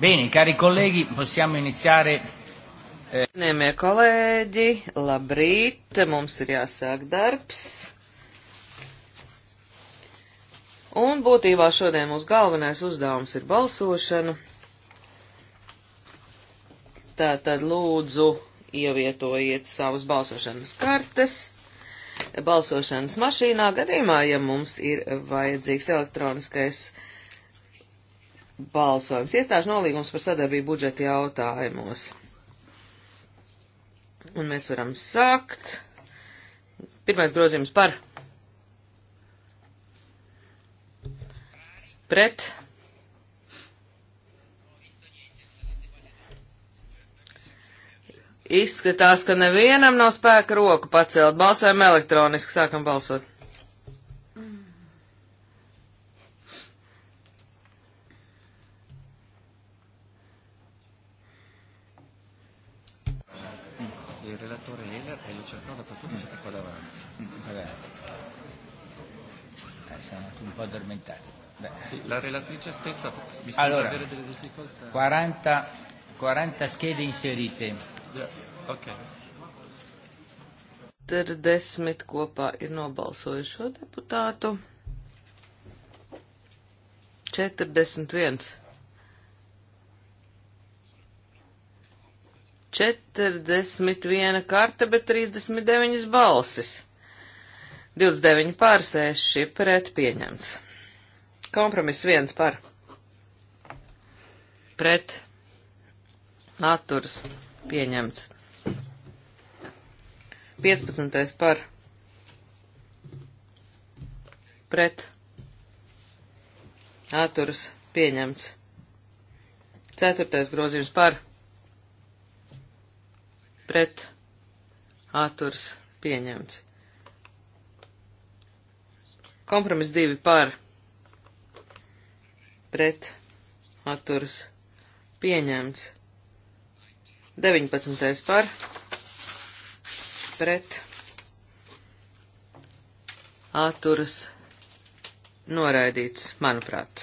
Bene, cari colleghi, possiamo iniziare. Eh. Nēmie kolēģi, labrīt, mums ir jāsāk darbs. Un būtībā šodien mūsu galvenais uzdevums ir balsošana. Tātad lūdzu ievietojiet savas balsošanas kartes balsošanas mašīnā gadījumā, ja mums ir vajadzīgs elektroniskais balsojums balsojums. Iestāžu nolīgums par sadarbību budžeta jautājumos. Un mēs varam sākt. Pirmais grozījums par. Pret. Izskatās, ka nevienam nav spēka roku pacelt. Balsojam elektroniski, sākam balsot. po' addormentati. Beh, sì, la relatrice stessa mi sembra allora, avere delle difficoltà. 40, 40 schede inserite. Yeah, ok. 40 kopā ir nobalsojuši šo deputātu. 41. 41 karte, bet 39 balsis. 29 pār 6 pret pieņemts. Kompromiss 1 par pret atturs pieņemts. 15. par pret atturs pieņemts. 4. grozījums par pret atturs pieņemts. Kompromis divi par pret atturs pieņemts. 19. par pret atturs noraidīts, manuprāt.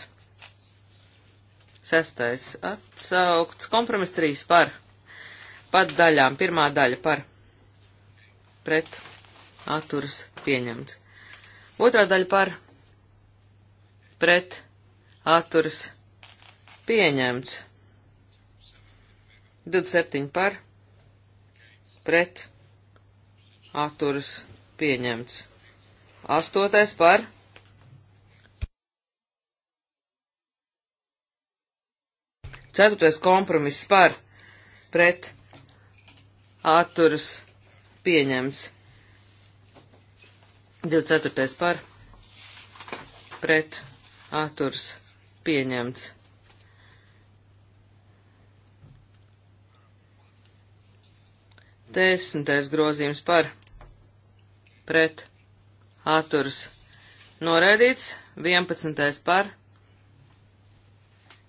Sestais atsaukts, kompromis trīs par, pat daļām, pirmā daļa par, pret, atturs pieņemts. Otrā daļa par pret atturas pieņemts. 27 par pret atturas pieņemts. Astotais par Ceturtais kompromiss par pret atturas pieņemts. 24. par pret atturs pieņemts. Desmitais grozījums par pret atturs noraidīts, 11. par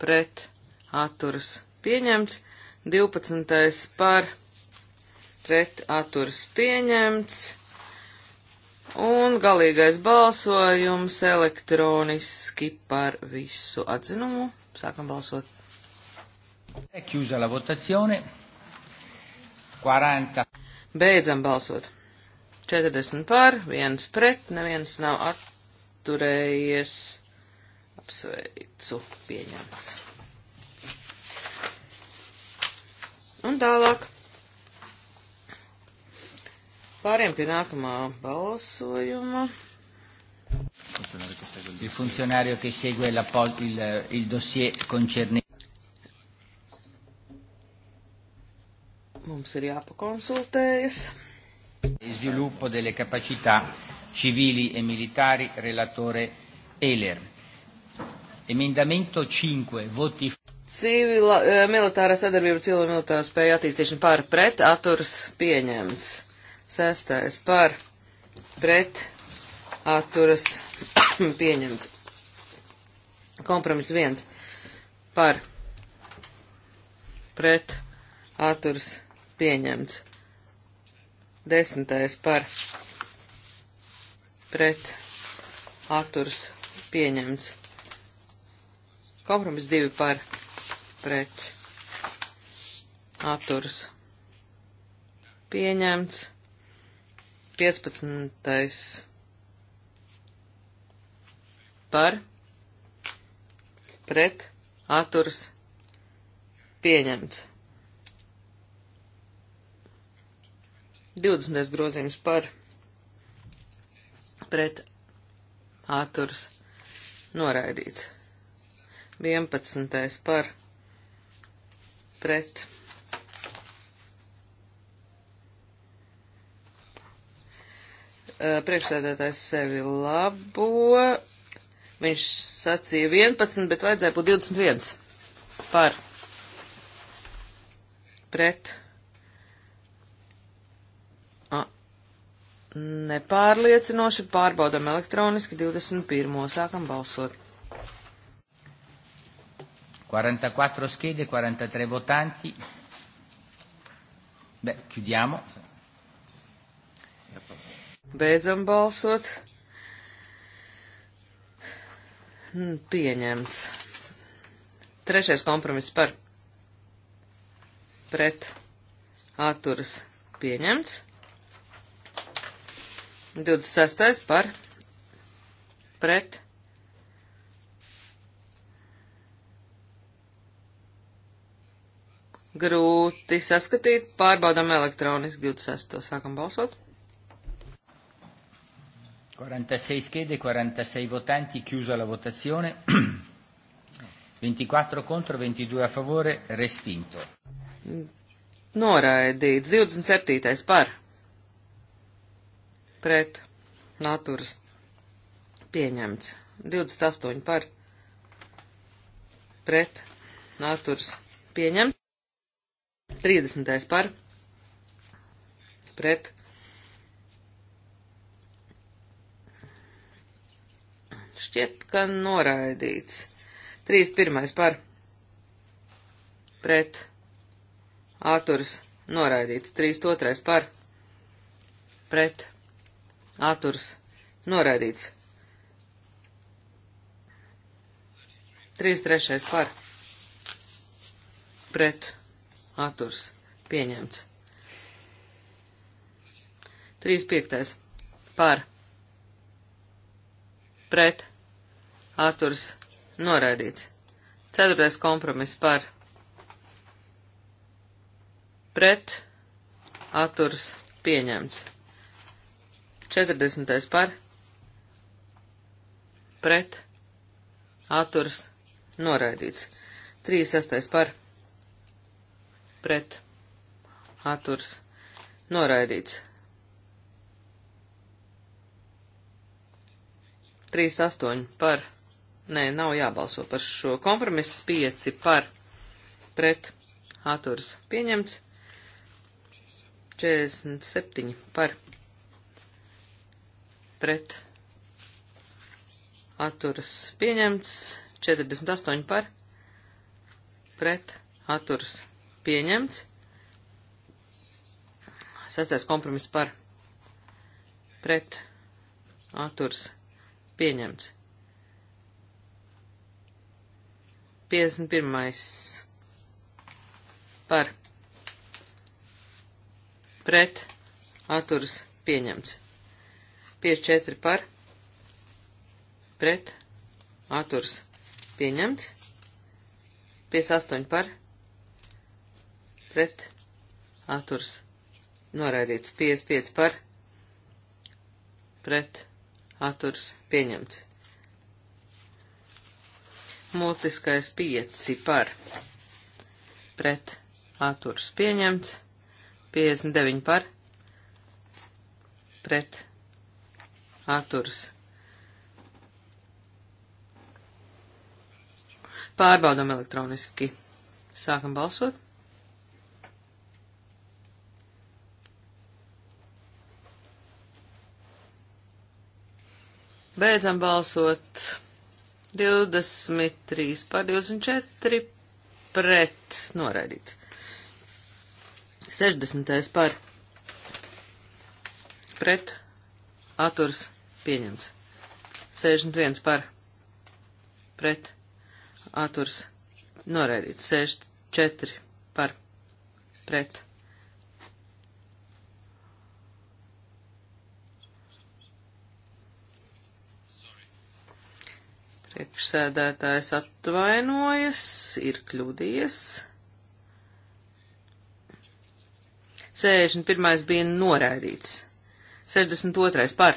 pret atturs pieņemts, 12. par pret atturs pieņemts, Un galīgais balsojums elektroniski par visu atzinumu. Sākam balsot. E chiusa la votazione. 40. Beidzam balsot. 40 par, viens pret, neviens nav atturējies. Apsveicu, pieņemts. Un tālāk. Pāriem pie nākamā balsojuma. Il funzionario che segue la, il, il dossier concernente. Mums ir jāpakonsultējas. Sviluppo delle capacità civili e militari, relatore Eiler. Emendamento 5, voti. Civila, eh, militārā sadarbība, civila militārā spēja attīstīšana pār pret, atturs pieņemts. Sestais par pret atturas pieņemts. Kompromiss viens par pret atturas pieņemts. Desmitais par pret atturas pieņemts. Kompromiss divi par pret atturas pieņemts. 15. par pret atturs pieņemts. 20. grozījums par pret atturs noraidīts. 11. par pret atturs Eh, priekšsēdētājs sevi labo. Viņš sacīja 11, bet vajadzēja būt 21. Par. Pret. A. Nepārliecinoši pārbaudam elektroniski 21. Sākam balsot. 44 schede, 43 votanti. Beh, chiudiamo. Beidzam balsot. Pieņemts. Trešais kompromiss par pret atturas pieņemts. 26. par pret grūti saskatīt. Pārbaudām elektroniski 26. sākam balsot. 46 schede, 46 votanti, chiusa la votazione. 24 contro, 22 a favore, respinto. Noraidīts 27. par. Pret. Naturs. Pieņemts. 28 par. Pret. Naturs. Pieņemts. 30. par. Pret. Šķiet, ka noraidīts. 31. par pret āturs noraidīts. 32. par pret āturs noraidīts. 33. par pret āturs pieņemts. 35. par pret pret atturs noraidīts. Ceturtais kompromiss par pret atturs pieņemts. 40. par pret atturs noraidīts. 36. par pret atturs noraidīts. 38 par, nē, nav jābalso par šo kompromisu, 5 par, pret, atturas pieņemts, 47 par, pret, atturas pieņemts, 48 par, pret, atturas pieņemts, sastais kompromiss par, pret, atturas pieņemts Pieņemts. 51. Par. Pret. Atturas. Pieņemts. 54 par. Pret. Atturas. Pieņemts. 58 par. Pret. Atturas. Noraidīts. 55 par. Pret atturs pieņemts. Multiskais 5 par pret atturs pieņemts, 59 par pret atturs. Pārbaudam elektroniski. Sākam balsot. Beidzam balsot 23 par 24 pret noraidīts. 60. par pret atturs pieņemts. 61 par pret atturs noraidīts. 64 par pret Priekšsēdētājs atvainojas, ir kļūdījies. 61. bija noraidīts. 62. par.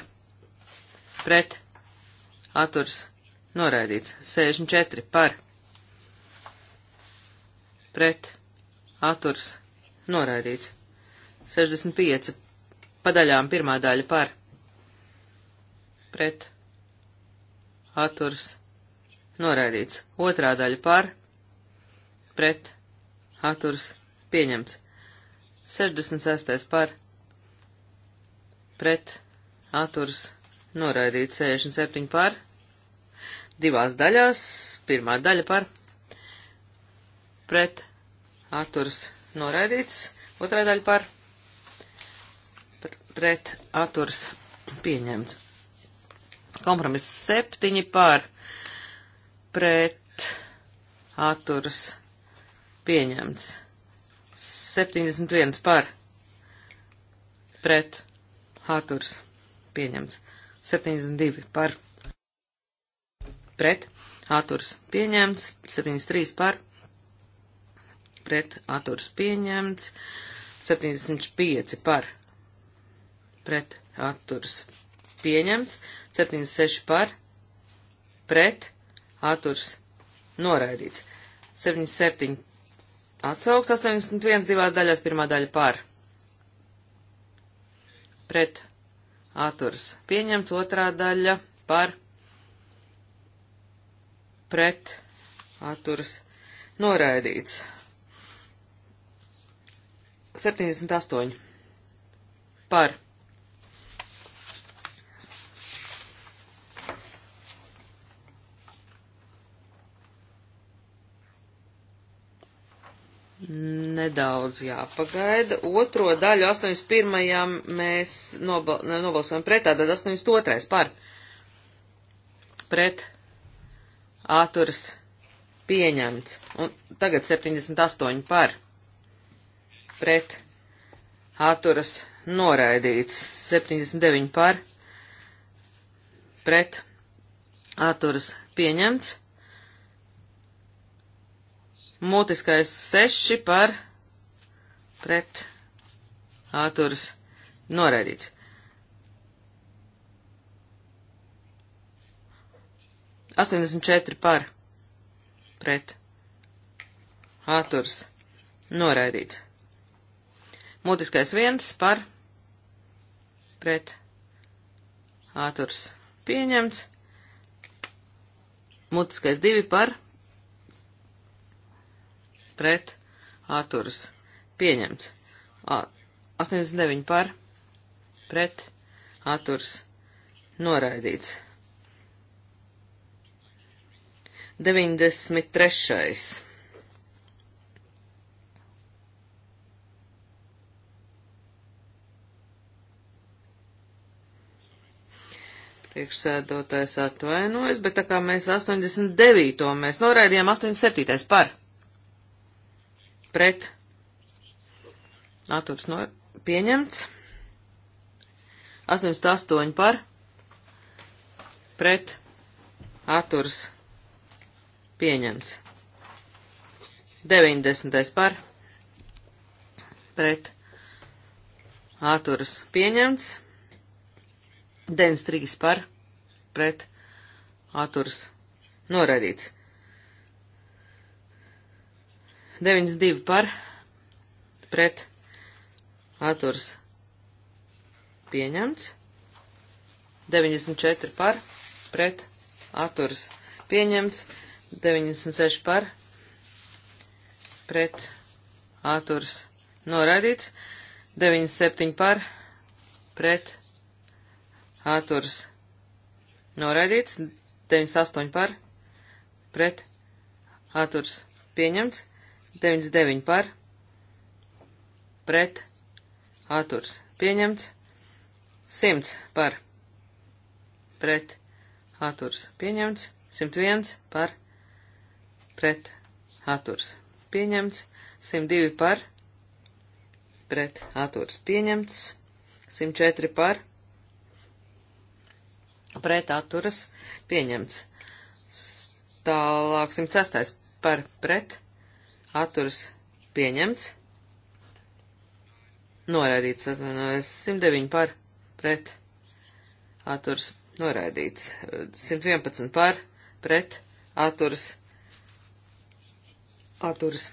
Pret. Aturs. Noraidīts. 64. par. Pret. Aturs. Noraidīts. 65. Padaļām pirmā daļa par. Pret. Aturs noraidīts. Otrā daļa par, pret, atturs, pieņemts. 66. par, pret, atturs, noraidīts. 67. par, divās daļās, pirmā daļa par, pret, atturs, noraidīts. Otrā daļa par, pret, atturs, pieņemts. Kompromiss 7 par, pret atturas pieņemts. 71 par pret atturas pieņemts. 72 par pret atturas pieņemts. 73 par pret atturas pieņemts. 75 par pret atturas pieņemts. 76 par pret atturs noraidīts. 77 atsaukt, 81 divās daļās, pirmā daļa par, pret, atturs pieņemts, otrā daļa par, pret, atturs noraidīts. 78 par, pret, nedaudz jāpagaida. Otro daļu 81. mēs nobal, nobalsojam pret, tātad 82. par pret āturs pieņemts. Un tagad 78 par pret āturs noraidīts. 79 par pret āturs pieņemts. Mutiskais seši par pret āturs noraidīts. Astoņdesmit četri par pret āturs noraidīts. Mutiskais viens par pret āturs pieņemts. Mutiskais divi par pret pret, atturas, pieņemts. 89 par, pret, atturas, noraidīts. 93. Priekšsēdotājs atvainojas, bet tā kā mēs 89. mēs noraidījām 87. par pret atturs no pieņemts. 88 par pret atturs pieņemts. 90 par pret atturs pieņemts. 93 par pret atturs noraidīts. 92 par pret atturs pieņemts. 94 par pret atturs pieņemts. 96 par pret atturs noraidīts. 97 par pret atturs noraidīts. 98 par pret atturs pieņemts. 99 par, pret, atturs pieņemts, 100 par, pret, atturs pieņemts, 101 par, pret, atturs pieņemts, 102 par, pret, atturs pieņemts, 104 par, pret, atturs pieņemts. Tālāk 106 par, pret, atturas pieņemts, noraidīts, atvainojas, 109 par, pret, atturas noraidīts, 111 par, pret, atturas, atturas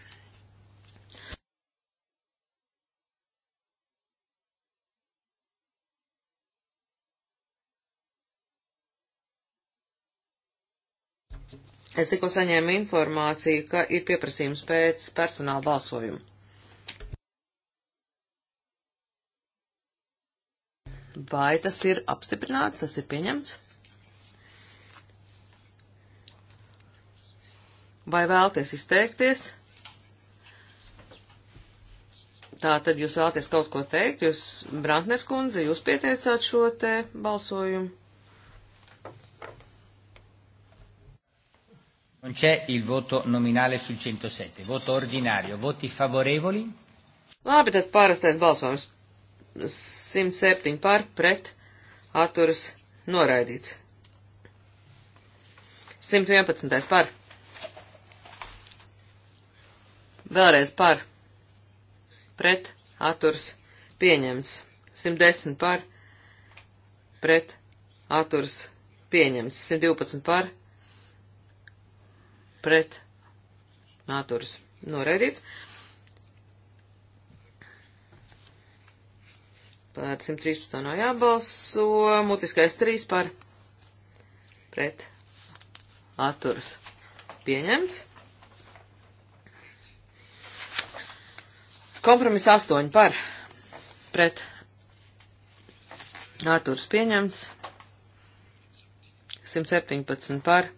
Es tikko saņēmu informāciju, ka ir pieprasījums pēc personāla balsojuma. Vai tas ir apstiprināts, tas ir pieņemts? Vai vēlties izteikties? Tā tad jūs vēlaties kaut ko teikt, jūs, Brantnes kundze, jūs pieteicāt šo te balsojumu. Non c'è il voto nominale sul 107, voto ordinario, voti favorevoli? Labi, tad parastais balsojums. 107 par, pret, atturas, noraidīts. 111 par. Vēlreiz par, pret, atturas, pieņemts. 110 par, pret, atturas, pieņemts. 112 par, pret naturs noraidīts. Par 113 nav jābalso, mutiskais 3 par pret atturs pieņemts. Kompromis 8 par pret atturs pieņemts. 117 par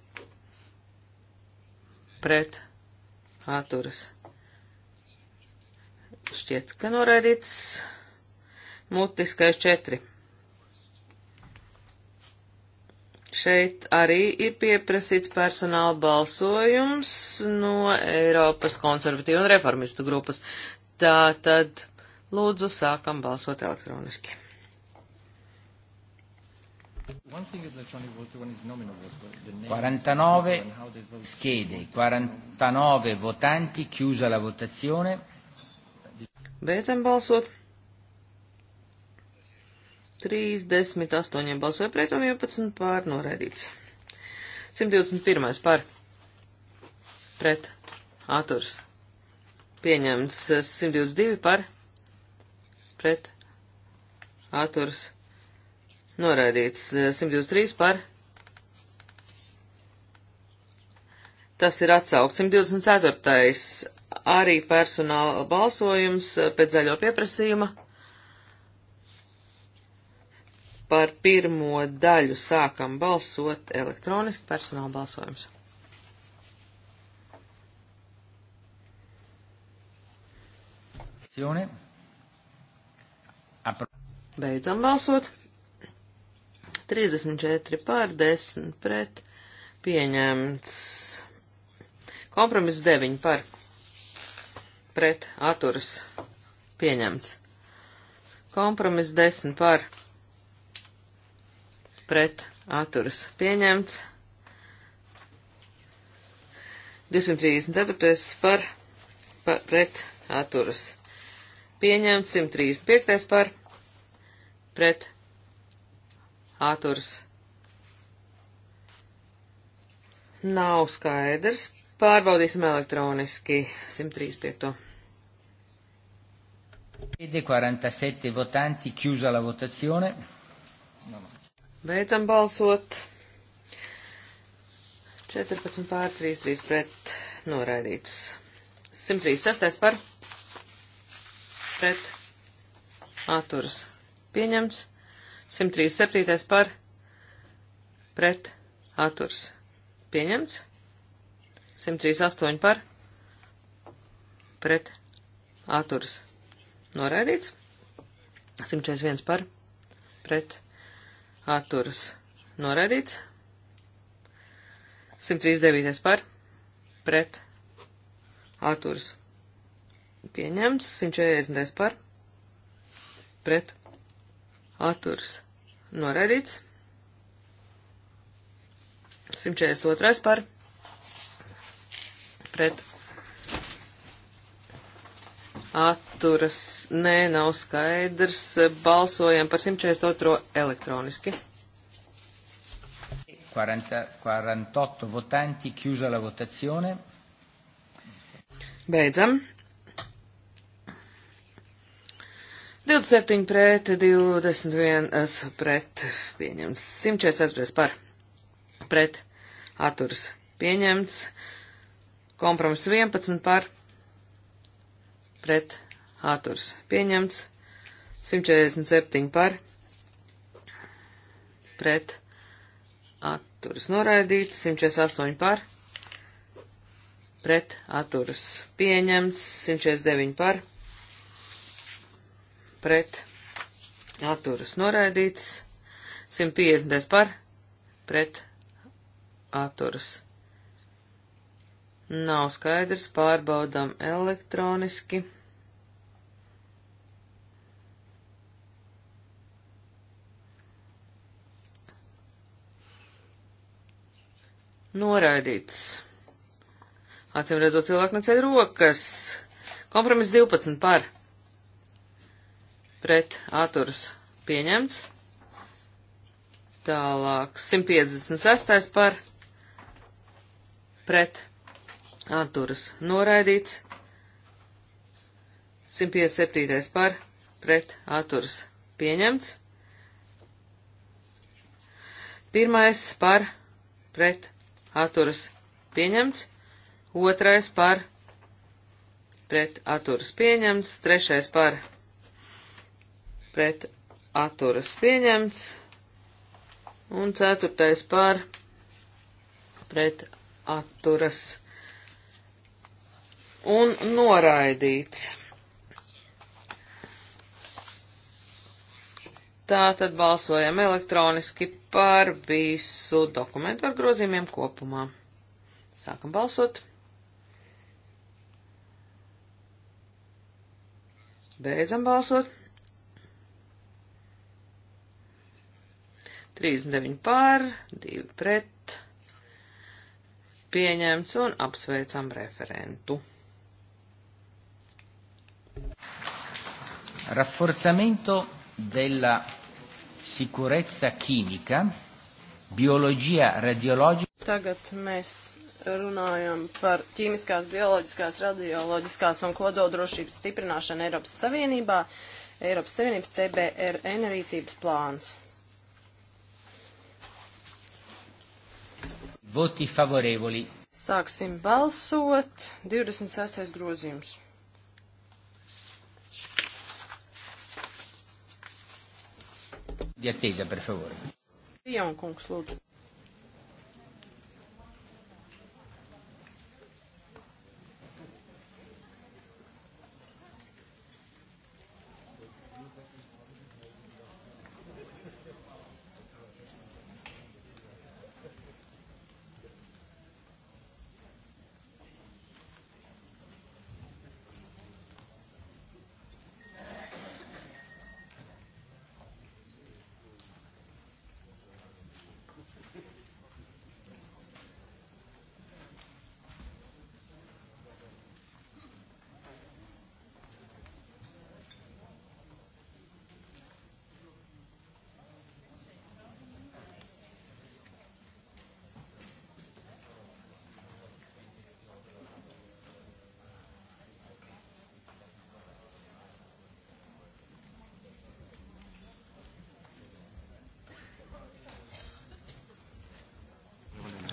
pret atturas. Šķiet, ka noraidīts mutiskais četri. Šeit arī ir pieprasīts personāla balsojums no Eiropas konservatīvu un reformistu grupas. Tā tad lūdzu sākam balsot elektroniski. 49 schede, 49 votanti, chiusa la votazione. Beidzam balsot. 38 balsoja pret un 11 pār noraidīts. 121 pār pret atturs. Pieņemts 122 eh, par pret atturs Noraidīts 123 eh, par. Tas ir atsaukt 124. arī personāla balsojums eh, pēc zaļo pieprasījuma. Par pirmo daļu sākam balsot elektroniski personāla balsojums. Beidzam balsot. 34 pār 10 pret pieņemts. Kompromiss 9 par pret atturas pieņemts. Kompromiss 10 par pret atturas pieņemts. 234 par, par pret atturas pieņemts. 135 par pret atturas atturs nav skaidrs. Pārbaudīsim elektroniski 135. Vede 47 votanti, chiusa la votazione. Beidzam balsot. 14 pār 3, 3 pret noraidīts. 136 par pret atturas pieņemts. 137. par pret atturs pieņemts. 138 par pret atturs noraidīts. 141 par pret atturs noraidīts. 139 par pret atturs pieņemts. 140 par pret atturs atturs noraidīts. 142 par pret atturas. Nē, nav skaidrs. Balsojam par 142 elektroniski. 40, 48 votanti, chiusa la votazione. Beidzam. 27 pret, 21 pret, pieņemts. 144 par, pret, atturs, pieņemts. Kompromiss 11 par, pret, atturs, pieņemts. 147 par, pret, atturs, noraidīts. 148 par, pret, atturs, pieņemts. 149 par, pret pret atturas noraidīts, 150 par pret atturas. Nav skaidrs, pārbaudām elektroniski. Noraidīts. Acīm redzot, cilvēki neceļ rokas. Kompromiss 12 par pret atturas pieņemts. Tālāk 156. par pret atturas noraidīts. 157. par pret atturas pieņemts. Pirmais par pret atturas pieņemts. Otrais par pret atturas pieņemts. Trešais par pret pret atturas pieņemts, un ceturtais par pret atturas un noraidīts. Tā tad balsojam elektroniski par visu dokumentu ar grozījumiem kopumā. Sākam balsot. Beidzam balsot. 39 pār, 2 pret, pieņemts un apsveicam referentu. Rafforzamento della sicurezza chimica, biologia radiologica. Tagad mēs runājam par ķīmiskās, bioloģiskās, radioloģiskās un kododrošības stiprināšanu Eiropas Savienībā, Eiropas Savienības CBRN rīcības plāns. Voti favorevoli. Sāksim balsot. 26. grozījums. Di attesa, per favore. Pieņem, kungs, lūdzu.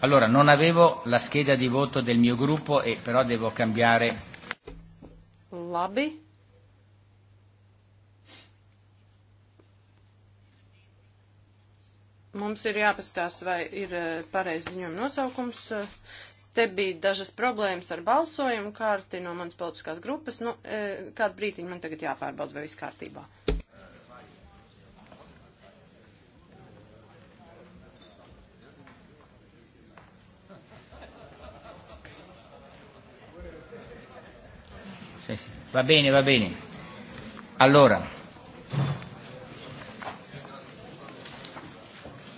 Allora, non avevo la scheda di voto del mio gruppo e però devo cambiare. Labi. Mums ir jāpastās, vai ir eh, pareizi ziņojuma nosaukums. Te bija dažas problēmas ar balsojumu kārti no manas politiskās grupas. Nu, eh, kādu brītiņu man tagad jāpārbauda, vai viss kārtībā. Sì, sì. Va bene, va bene. Allora,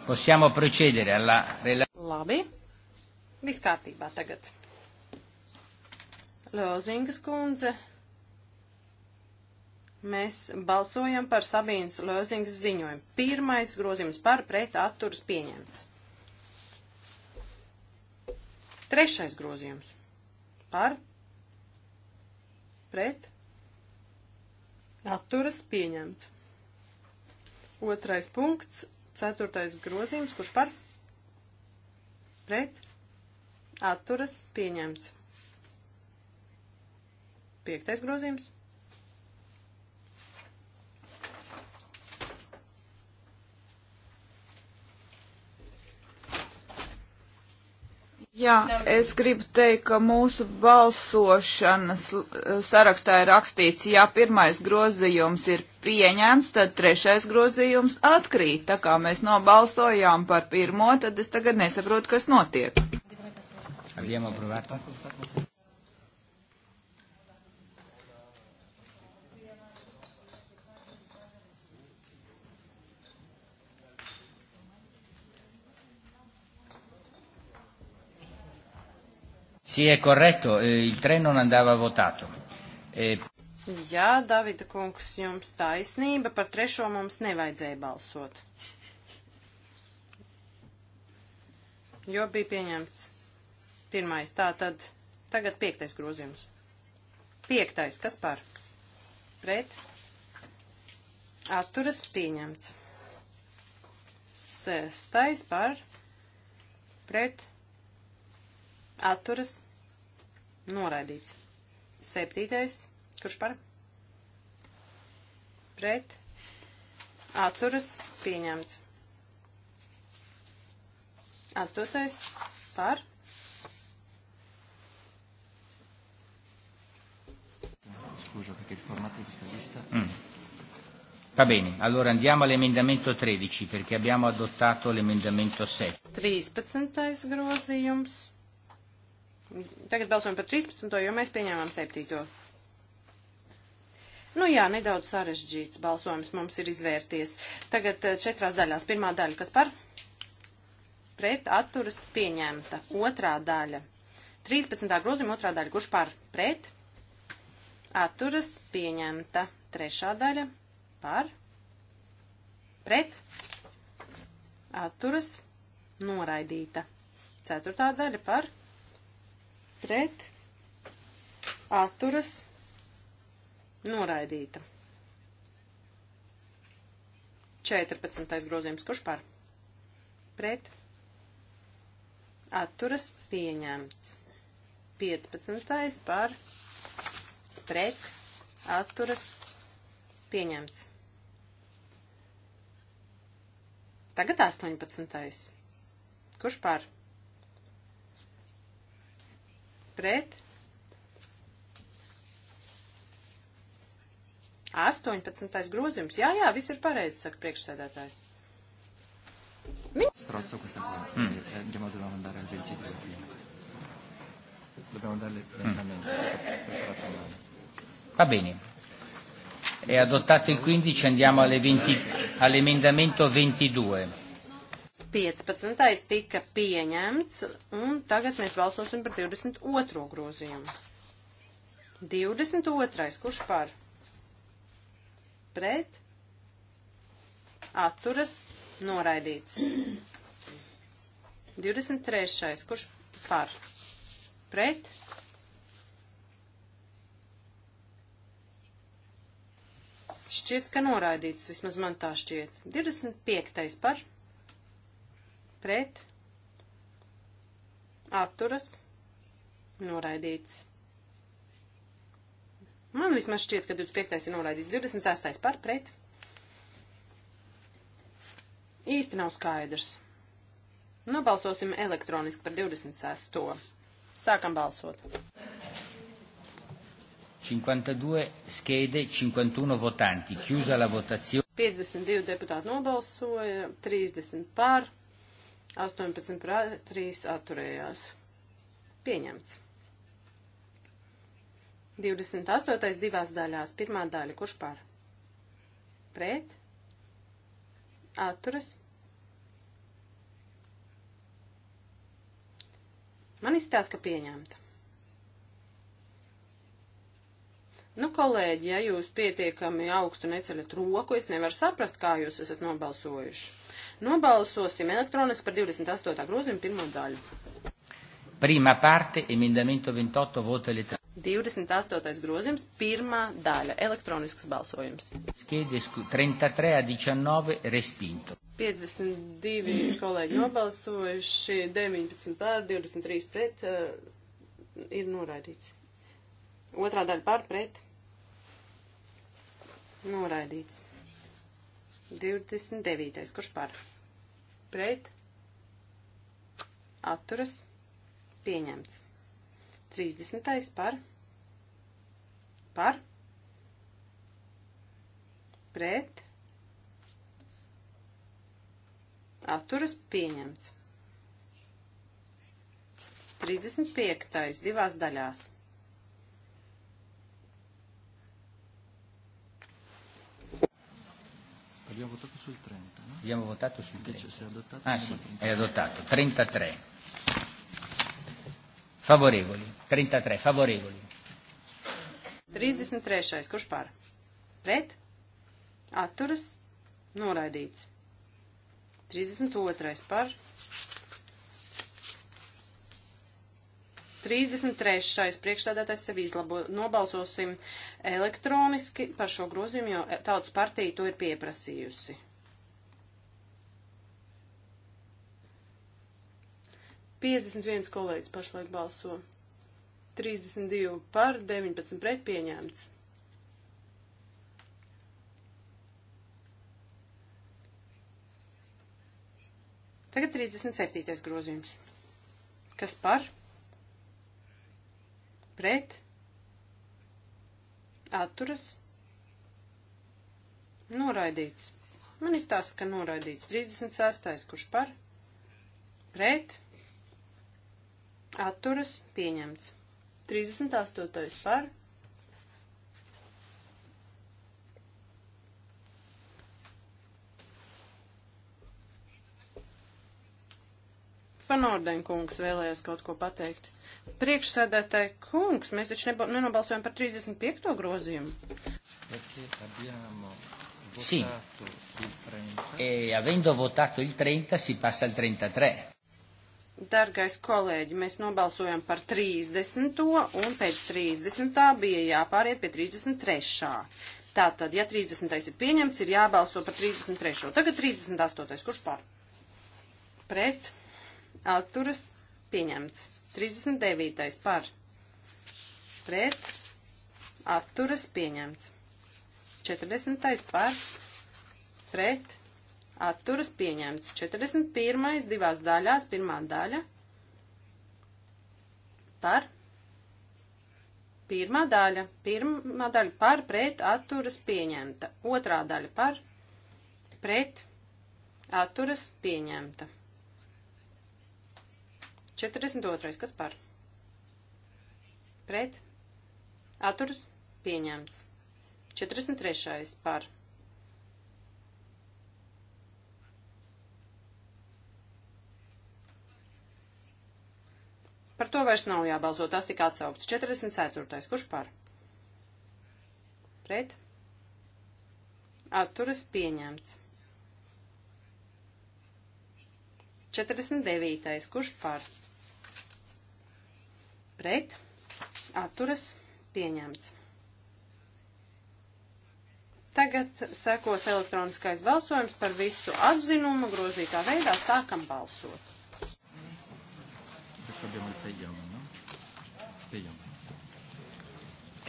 possiamo procedere alla Labi, viss kārtībā tagad. Lozingas kundze, mēs balsojam par Sabīnas Lozingas ziņojumu. Pirmais grozījums par pret atturas pieņemts. Trešais grozījums par pret atturas pieņemts. Otrais punkts, ceturtais grozījums, kurš par pret atturas pieņemts. Piektais grozījums Jā, es gribu teikt, ka mūsu balsošanas eh, sarakstā ir rakstīts, ja pirmais grozījums ir pieņemts, tad trešais grozījums atkrīt. Tā kā mēs nobalsojām par pirmo, tad es tagad nesaprotu, kas notiek. Abbiamo approvato? Sì, è corretto, eh, il tre non andava votato. E... Jā, Davida kungs, jums taisnība, par trešo mums nevajadzēja balsot. Jo bija pieņemts pirmais, tā tad tagad piektais grozījums. Piektais, kas par? Pret? Atturas pieņemts. Sestais par? Pret? atturas, noraidīts. Septītais, kurš par? Pret, atturas, pieņemts. Astotais, par? Scusa perché il formato di questa lista... Mm. Va bene, allora andiamo all'emendamento 13 perché abbiamo adottato l'emendamento 7. 13. grozījums. Tagad balsojam par 13, jo mēs pieņēmām 7. Nu jā, nedaudz sarežģīts balsojums mums ir izvērties. Tagad eh, četrās daļās. Pirmā daļa, kas par pret atturas pieņemta. Otrā daļa. 13. grozījuma otrā daļa, kurš par pret atturas pieņemta. Trešā daļa par pret atturas noraidīta. Ceturtā daļa par pret pret, atturas, noraidīta. 14. grozījums, kurš par? Pret, atturas, pieņemts. 15. par, pret, atturas, pieņemts. Tagad 18. Kurš par? pret. 18. grozījums. Jā, jā, viss ir pareizi, saka priekšsēdētājs. Strozzo questa cosa. Mm. Eh, andiamo a dobbiamo andare al 22 prima. Dobbiamo darle lentamente. Mm. Va bene. È adottato il 15, andiamo alle 20, all'emendamento 22. 15. tika pieņemts, un tagad mēs balsosim par 22. grozījumu. 22. kurš par? Pret? Atturas? Noraidīts. 23. kurš par? Pret? Šķiet, ka noraidīts, vismaz man tā šķiet. 25. par? pret, atturas, noraidīts. Man vismaz šķiet, ka 25. ir noraidīts, 26. par pret. Īsti nav skaidrs. Nobalsosim nu, elektroniski par 26. Sākam balsot. 52 schede, 51 votanti. Chiusa la votazione. 52 deputāti nobalsoja, 30 par, 18 pret 3 atturējās. Pieņemts. 28. divās daļās. Pirmā daļa. Kurš par? Pret. Atturas. Man izstāsta, ka pieņemta. Nu, kolēģi, ja jūs pietiekami augstu neceļat roku, es nevaru saprast, kā jūs esat nobalsojuši. Nobalsosim elektroniski par 28. grozījumu pirmo daļu. Prima parte, emendamento 28, vota elektroniski. 28. grozījums, pirmā daļa, elektronisks balsojums. Skēdes 33 19 restinto. 52 kolēģi nobalsojuši, 19 pār, 23 pret, uh, ir noraidīts. Otrā daļa pār pret, Noraidīts. 29. Kurš par? Pret. Atturas. Pieņemts. 30. par. Par. Pret. Atturas pieņemts. 35. divās daļās. abbiamo votato sul 30. No? Abbiamo votato sul 30. Invece, se è adottato, ah sì, 30. è adottato. 33. Favorevoli. 33. Favorevoli. 33. Kurš par? Pret? Atturas? Noraidīts. 32. par? 33. priekšstādātais sev izlabo. Nobalsosim elektroniski par šo grozījumu, jo tautas partija to ir pieprasījusi. Piecdesmit viens kolēģis pašlaik balso. 32 par, 19 pret pieņemts. Tagad 37. grozījums. Kas par? pret, atturas, noraidīts. Man izstāsta, ka noraidīts 36. kurš par, pret, atturas, pieņemts. 38. par, Fanorden kungs vēlējās kaut ko pateikt. Priekšsēdētāji kungs, mēs taču nenobalsojam par 35. grozījumu. Sì, e avendo votato il 30 si passa al 33. Dargais kolēģi, mēs nobalsojam par 30. un pēc 30. bija jāpāriet pie 33. Tātad, ja 30. ir pieņemts, ir jābalso par 33. Tagad 38. kurš par? Pret. Atturas. Pieņemts. 39. par pret atturas pieņemts. 40. par pret atturas pieņemts. 41. divās daļās, pirmā daļa par pirmā daļa, pirmā daļa par pret atturas pieņemta, otrā daļa par pret atturas pieņemta. 42. Kas par? Pret. Atturas pieņemts. 43. par. Par to vairs nav jābalso, tas tika atsaukts. 44. Kurš par? Pret? Atturas pieņemts. 49. Kurš par? pret, atturas, pieņemts. Tagad sekos elektroniskais balsojums par visu atzinumu grozītā veidā. Sākam balsot.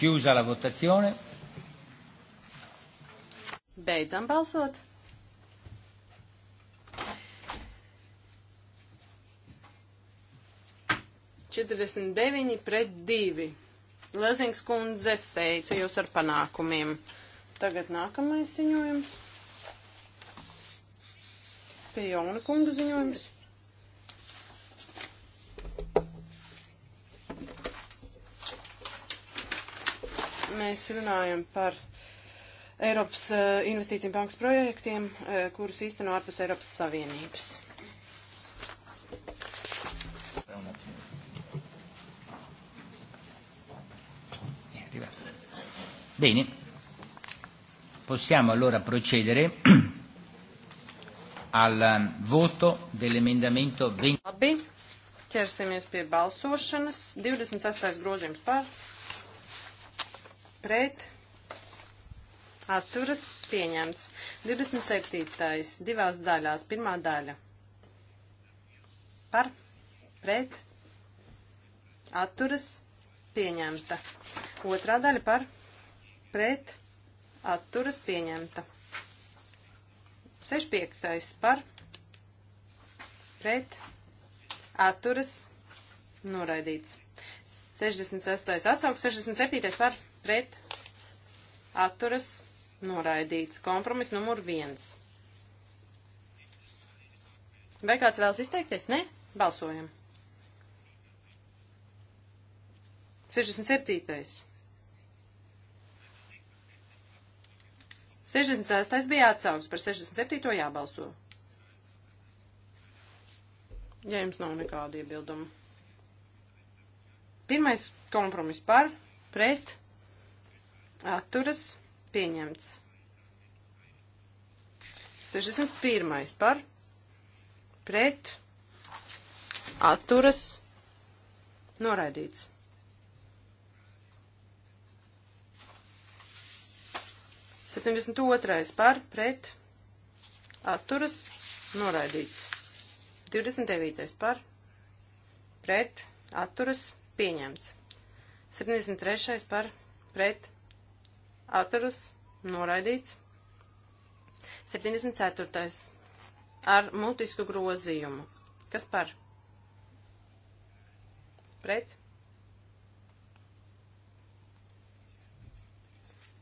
Chiusa la votazione. Beidzam balsot. 49 pret 2. Lezings kundze sveicu jūs ar panākumiem. Tagad nākamais ziņojums. Pie Jauna kunga ziņojums. Mēs runājam par Eiropas eh, investīciju bankas projektiem, eh, kurus īsteno ārpus Eiropas Savienības. Bene, possiamo allora procedere al ehm, voto dell'emendamento 20. Labi, ķersimies pie balsošanas. 26. grozījums par, pret, atturas, pieņemts. 27. divās daļās, pirmā daļa. Par, pret, atturas, pieņemta. Otrā daļa par, pret pret atturas pieņemta. 65. par pret atturas noraidīts. 66. atsauks, 67. par pret atturas noraidīts. Kompromis numur 1. Vai kāds vēlas izteikties? Ne? Balsojam. 67. 66. bija atsaugs, par 67. jābalso. Ja jums nav nekāda iebilduma. Pirmais kompromiss par, pret, atturas, pieņemts. 61. par, pret, atturas, noraidīts. 72. par pret atturas noraidīts. 29. par pret atturas pieņemts. 73. par pret atturas noraidīts. 74. ar mutisku grozījumu. Kas par? Pret?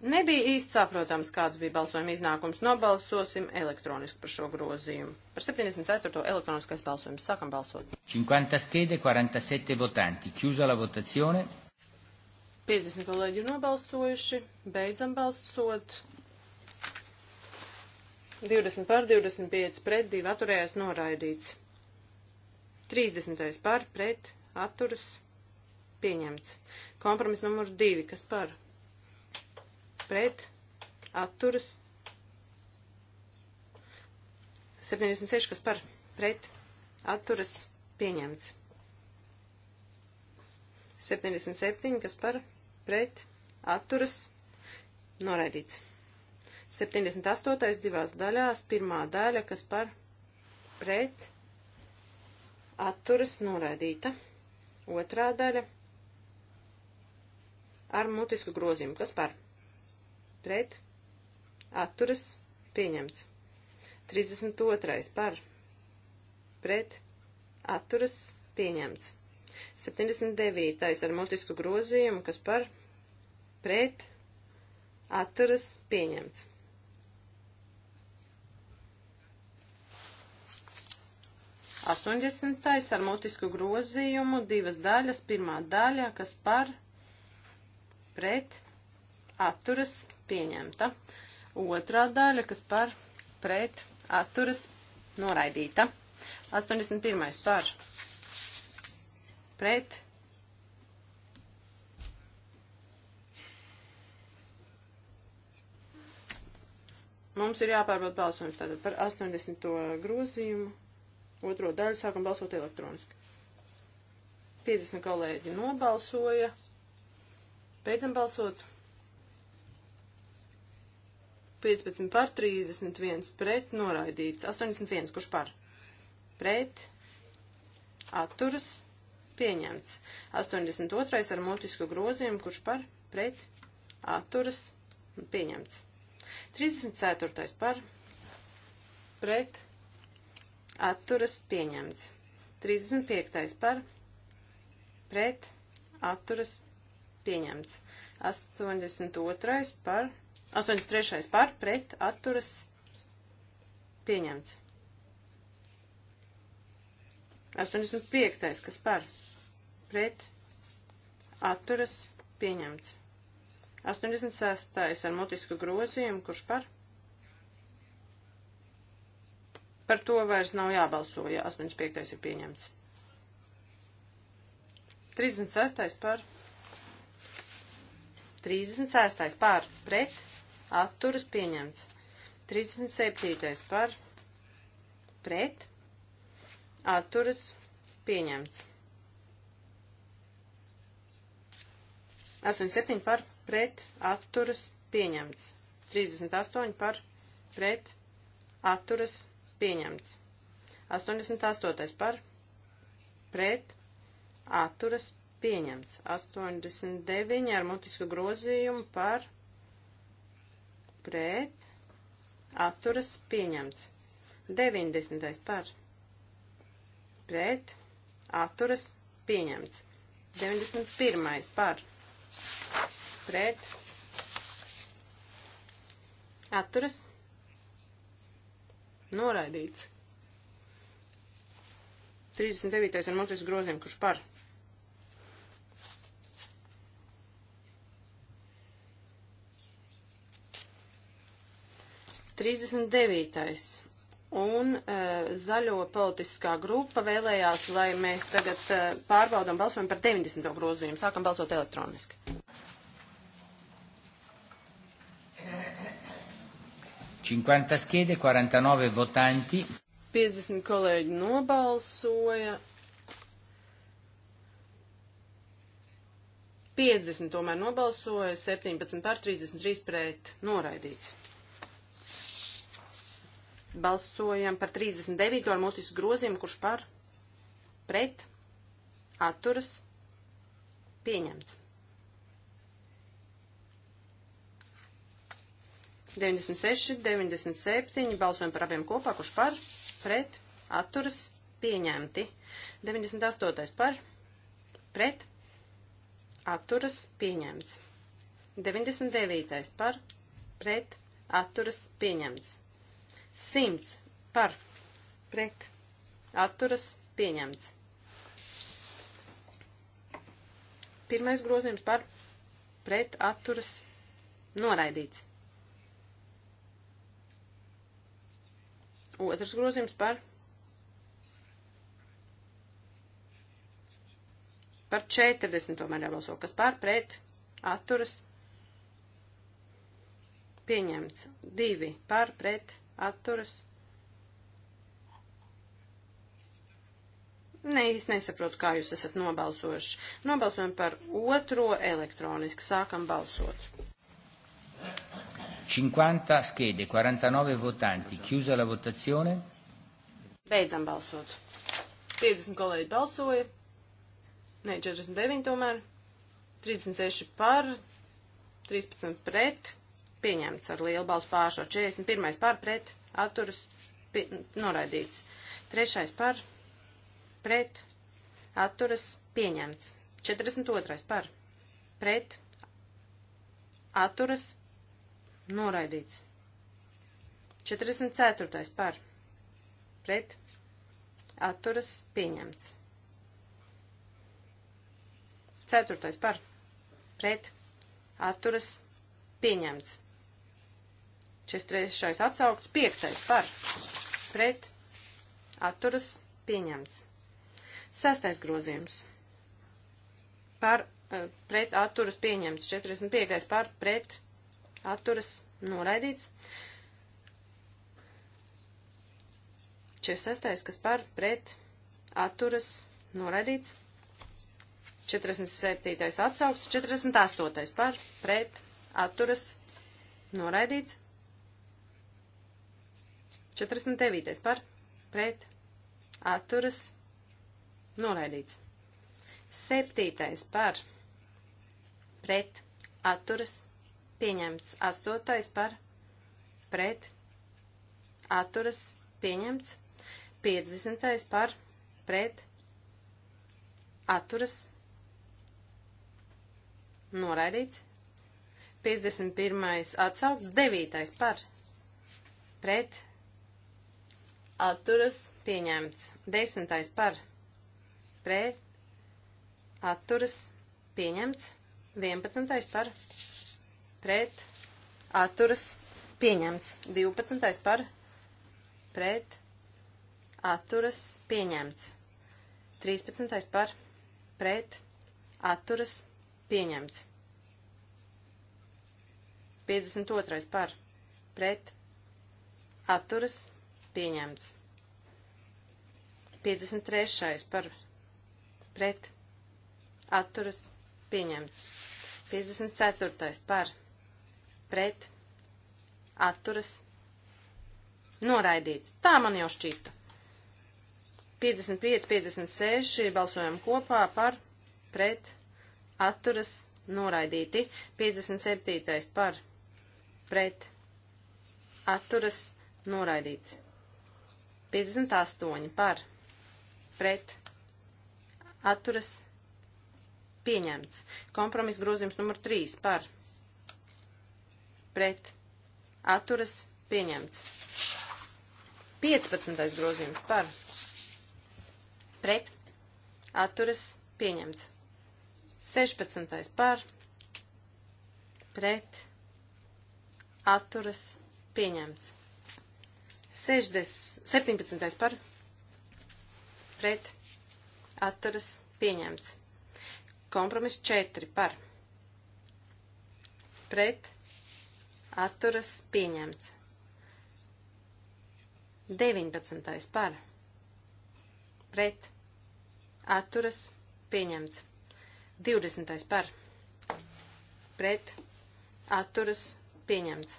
Nebija īsti saprotams, kāds bija balsojuma iznākums. Nobalsosim elektroniski par šo grozījumu. Par 74. elektroniskais balsojums. Sākam balsot. 50 skede, 47 votanti. Chiusa la votazione. 50 kolēģi ir nobalsojuši. Beidzam balsot. 20 par, 25 pret, 2 atturējās noraidīts. 30. par, pret, atturas, pieņemts. Kompromis numurs 2, kas par? pret atturas 76, kas par pret atturas pieņemts. 77, kas par pret atturas noraidīts. 78. divās daļās, pirmā daļa, kas par pret atturas noraidīta. Otrā daļa ar mutisku grozījumu, kas par pret pret, atturas, pieņemts. 32. par, pret, atturas, pieņemts. 79. ar mutisku grozījumu, kas par, pret, atturas, pieņemts. Astoņdesmitais ar mutisku grozījumu, divas daļas, pirmā daļa, kas par, pret, atturas, pieņemts atturas pieņemta. Otrā daļa, kas par pret atturas noraidīta. 81. par pret Mums ir jāpārbauda balsojums tātad par 80. grozījumu. Otro daļu sākam balsot elektroniski. 50 kolēģi nobalsoja. Beidzam balsot. 15 par 31 pret noraidīts. 81 kurš par? Pret. Atturas. Pieņemts. 82 ar mutisku grozījumu kurš par? Pret. Atturas. Pieņemts. 34 par? Pret. Atturas. Pieņemts. 35 par? Pret. Atturas. Pieņemts. 82 par? Pret 83. par pret atturas pieņemts. 85. kas par pret atturas pieņemts. 86. ar mutisku grozījumu, kurš par? Par to vairs nav jābalso, ja 85. ir pieņemts. 36. par 36. par pret atturas pieņemts. 37. par pret atturas pieņemts. 87 par pret atturas pieņemts. 38 par pret atturas pieņemts. 88 par pret atturas pieņemts. 89 ar mutisku grozījumu par pret pret, atturas pieņemts. 90. par, pret, atturas pieņemts. 91. par, pret, atturas noraidīts. 39. ar mutis groziem, kurš par, 39. Un uh, zaļo politiskā grupa vēlējās, lai mēs tagad uh, e, pārbaudām balsojumu par 90. grozījumu. Sākam balsot elektroniski. Skēde, 49 votanti. 50 kolēģi nobalsoja, 50 tomēr nobalsoja, 17 par 33 pret noraidīts. Balsojam par 39. ar mutisku grozījumu, kurš par pret atturas pieņemts. 96, 97, balsojam par abiem kopā, kurš par, pret, atturas, pieņemti. 98 par, pret, atturas, pieņemts. 99 par, pret, atturas, pieņemts. 100 par pret atturas pieņemts. Pirmais grozījums par pret atturas noraidīts. Otrs grozījums par par 40 tomēr jābalso, kas par pret atturas pieņemts. Divi par pret atturas atturas. Ne īsti nesaprotu, kā jūs esat nobalsojuši. Nobalsojam par otro elektroniski. Sākam balsot. 50 schede, 49 votanti. Chiusa la votazione. Beidzam balsot. 50 kolēģi balsoja. Nē, 49 tomēr. 36 par, 13 pret pieņemts ar lielu balsu pārsvaru. 41. par pret atturas pi, noraidīts. 3. par pret atturas pieņemts. 42. par pret atturas noraidīts. 44. par pret atturas pieņemts. 4. par pret atturas pieņemts. 43. atsaukts, 5. par, pret, atturas, pieņemts. 6. grozījums par, eh, pret, atturas, pieņemts. 45. par, pret, atturas, noraidīts. 46. kas par, pret, atturas, noraidīts. 47. atsaukts, 48. par, pret, atturas, noraidīts. 49. par pret atturas noraidīts. 7. par pret atturas pieņemts. 8. par pret atturas pieņemts. 50. par pret atturas noraidīts. 51. atsaukt 9. par pret atturas pieņemts. Desmitais par pret atturas pieņemts. Vienpadsmitais par pret atturas pieņemts. Divpadsmitais par pret atturas pieņemts. Trīspadsmitais par pret atturas pieņemts. 52. par pret atturas pieņemts pieņemts. 53. par pret atturas pieņemts. 54. par pret atturas noraidīts. Tā man jau šķita. 55, 56 balsojam kopā par pret atturas noraidīti. 57. par pret atturas noraidīts. 58 par pret atturas pieņemts. Kompromiss grozījums numur 3 par pret atturas pieņemts. 15. grozījums par pret atturas pieņemts. 16. par pret atturas pieņemts. 60 17. par pret atturas pieņemts. Kompromiss 4 par pret atturas pieņemts. 19. par pret atturas pieņemts. 20. par pret atturas pieņemts.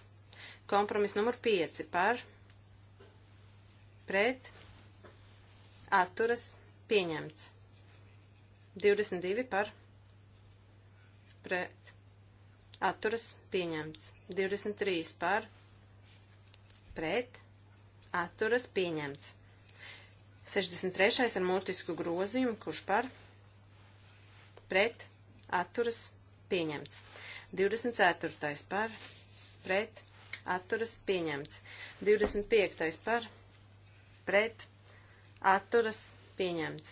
Kompromiss numur 5 par pret pret atturas pieņemts. 22 par pret atturas pieņemts. 23 par pret atturas pieņemts. 63. ar multisku grozījumu, kurš par pret atturas pieņemts. 24. par pret atturas pieņemts. 25. par pret pret atturas pieņemts.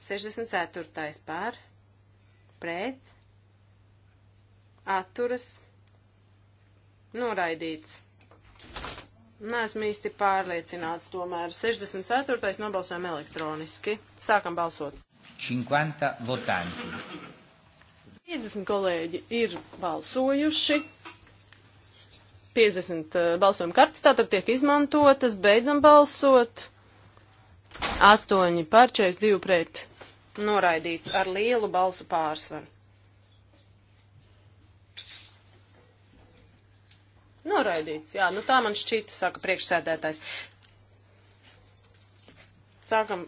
64. pār pret atturas noraidīts. Neesmu īsti pārliecināts tomēr. 64. nobalsojam elektroniski. Sākam balsot. 50 votanti. 50 kolēģi ir balsojuši. 50 uh, eh, balsojuma kartes tātad tiek izmantotas, beidzam balsot. 8 pār 42 pret noraidīts ar lielu balsu pārsvaru. Noraidīts, jā, nu tā man šķita, saka priekšsēdētājs. Sākam.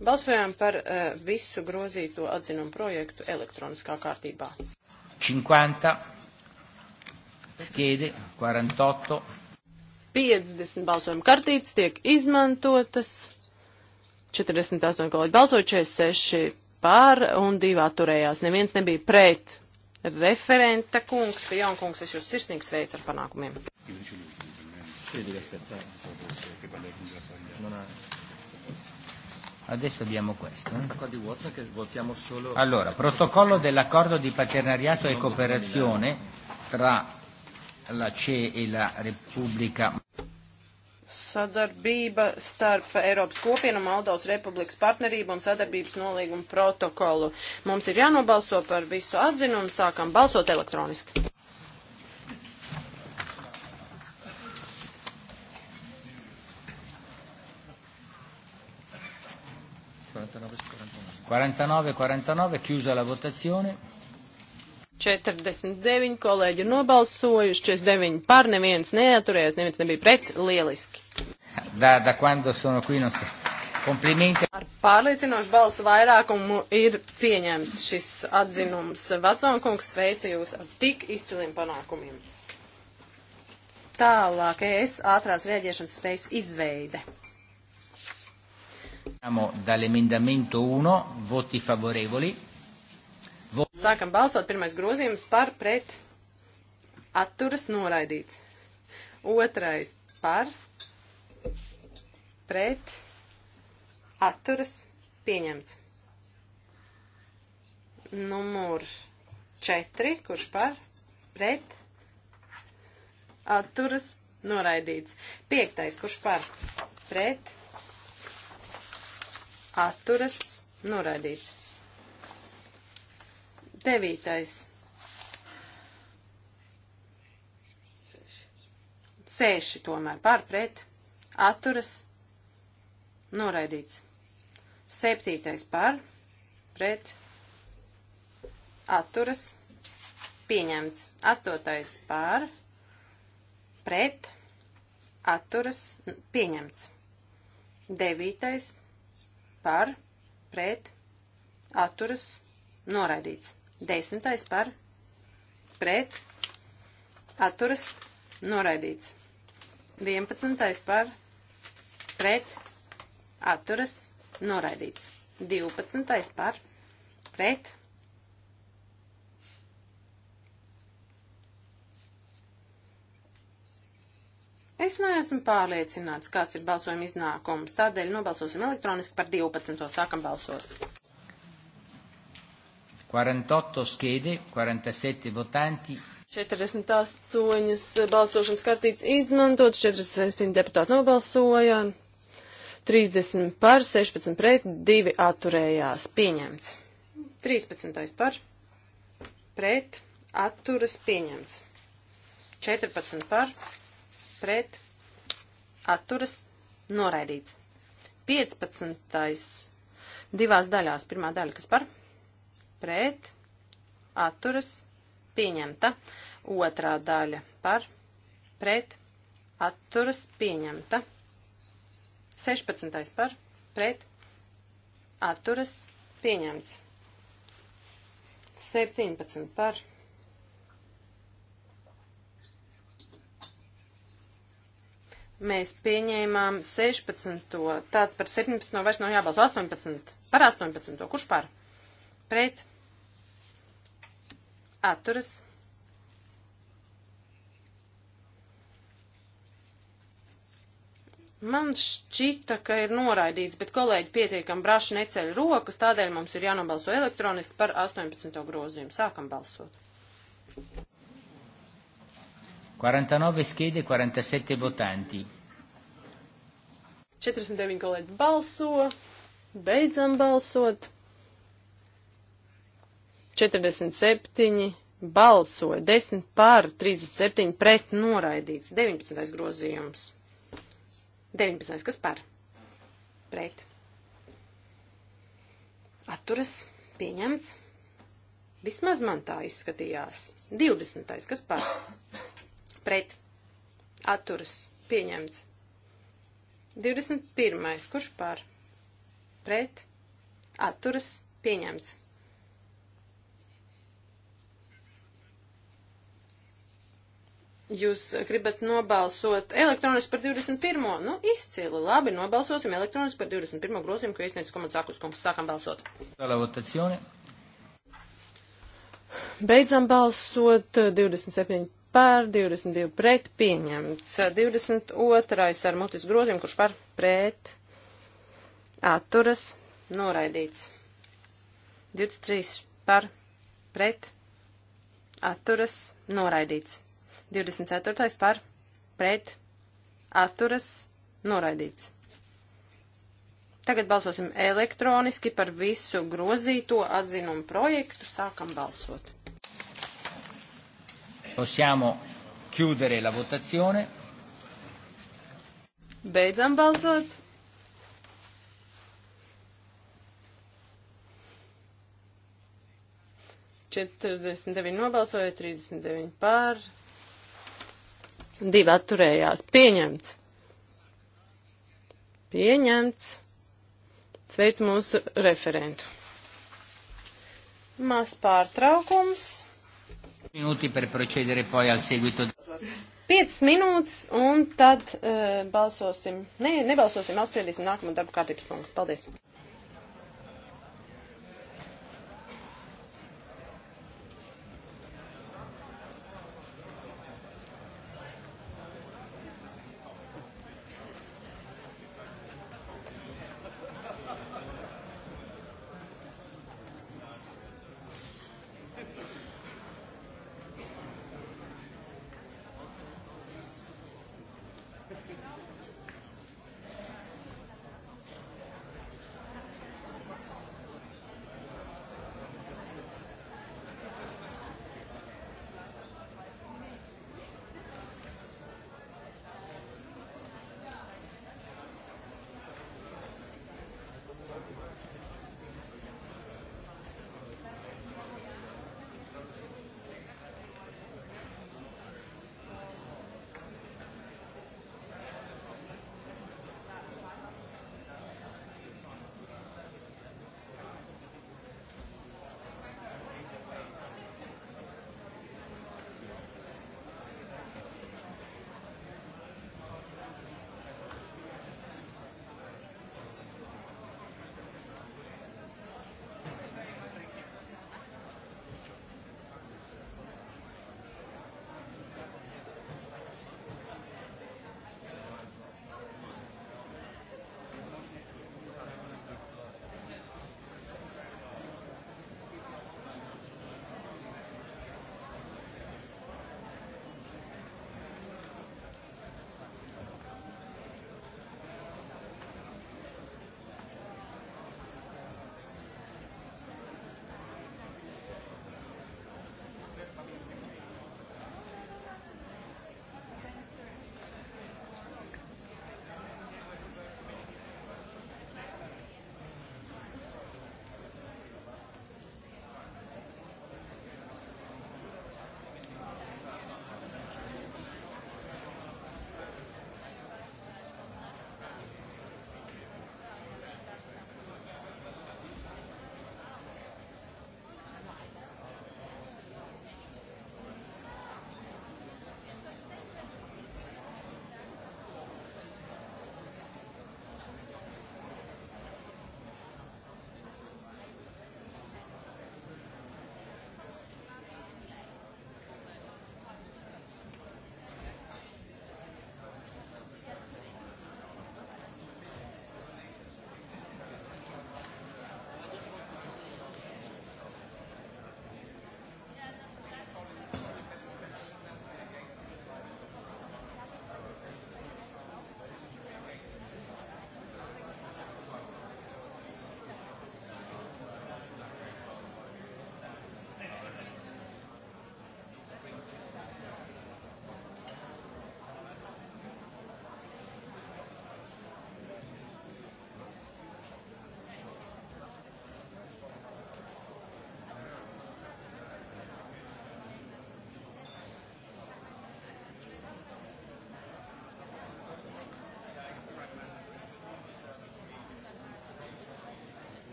Balsojām par uh, visu grozīto atzinumu projektu elektroniskā kārtībā. 50 schede, 48. 50 balsojuma kartītes tiek izmantotas, 48 kolēģi balsoja, 46 pār un 2 atturējās. Neviens nebija pret referenta kungs, ka jaunkungs es jūs sirsnīgi sveicu ar panākumiem. Sēdīgi, es pēc tā, es jau būs, ka palieku, ja savu. Adesso abbiamo questo. Eh? Allora, protocollo dell'accordo di partenariato e cooperazione tra la CE e la Repubblica. Sadarbība starp Eiropas kopienu, Moldovas republikas partnerību un sadarbības nolīgumu protokolu. Mums ir jānobalso par visu atzinu un sākam balsot elektroniski. 49 su 41. 49, 49, chiusa la votazione. 49 kolēģi ir nobalsojuši, 49 par, neviens neaturējās, neviens nebija pret, lieliski. Da, da quando sono qui non so. Komplimenti. Ar pārliecinošu balsu vairākumu ir pieņemts šis atzinums. Vatsonkungs sveicu jūs ar tik izciliem panākumiem. Tālāk es ātrās rēģēšanas spējas izveide. Dall'emendamento 1, voti favorevoli. Vot... Sākam balsot pirmais grozījums par pret atturas noraidīts. Otrais par pret atturas pieņemts. Numur 4, kurš par pret atturas noraidīts. Piektais, kurš par pret atturas noraidīts. Devītais. Sēši tomēr par pret atturas noraidīts. Septītais par pret atturas pieņemts. Astotais par pret atturas pieņemts. Devītais par, pret, atturas, noraidīts. Desmitais par, pret, atturas, noraidīts. Vienpadsmitais par, pret, atturas, noraidīts. Divpadsmitais par, pret, Es neesmu pārliecināts, kāds ir balsojuma iznākums. Tādēļ nobalsosim elektroniski par 12. Sākam balsot. 48 skēdi, 47 votanti. 48 balsošanas kartītes izmantotas, 47 deputāti nobalsoja, 30 par, 16 pret, 2 atturējās. Pieņemts. 13 par, pret, atturas pieņemts. 14 par, pret atturas noraidīts. 15. divās daļās. Pirmā daļa, kas par pret atturas pieņemta. Otrā daļa par pret atturas pieņemta. 16. par pret atturas pieņemts. 17 par pret mēs pieņēmām 16. Tātad par 17. vairs nav jābalso 18. Par 18. Kurš par? Pret. Atturas. Man šķita, ka ir noraidīts, bet kolēģi pietiekam braši neceļ rokas, tādēļ mums ir jānobalso elektroniski par 18. grozījumu. Sākam balsot. 49 schede, 47 votanti. 49 kolēģi balso, beidzam balsot. 47 balsoja, 10 pār, 37 pret noraidīts, 19. grozījums. 19. kas par? Pret. Atturas pieņemts. Vismaz man tā izskatījās. 20. kas par? pret atturas pieņemts. 21. kurš par pret atturas pieņemts. Jūs gribat nobalsot elektroniski par 21. Nu, izcili. Labi, nobalsosim elektroniski par 21. grozījumu, ko iesniedz komandas Akus kungs. Sākam balsot. Beidzam balsot 27 par, 22 pret pieņemts, 22 ar mutis grozījumu, kurš par pret atturas noraidīts, 23 par pret atturas noraidīts, 24 par pret atturas noraidīts. Tagad balsosim elektroniski par visu grozīto atzinumu projektu. Sākam balsot. Possiamo chiudere la votazione. Beidzam balsot. Četrdesmit deviņi nobalsoja, trīsdesmit deviņi pār, divi atturējās. Pieņemts. Pieņemts. Sveicu mūsu referentu. Mās pārtraukums. Minūti par procedere poi al seguito. 5 minūtes un tad uh, balsosim. Nē, ne, nebalsosim, apspriedīsim nākamo darbu kārtības punktu. Paldies!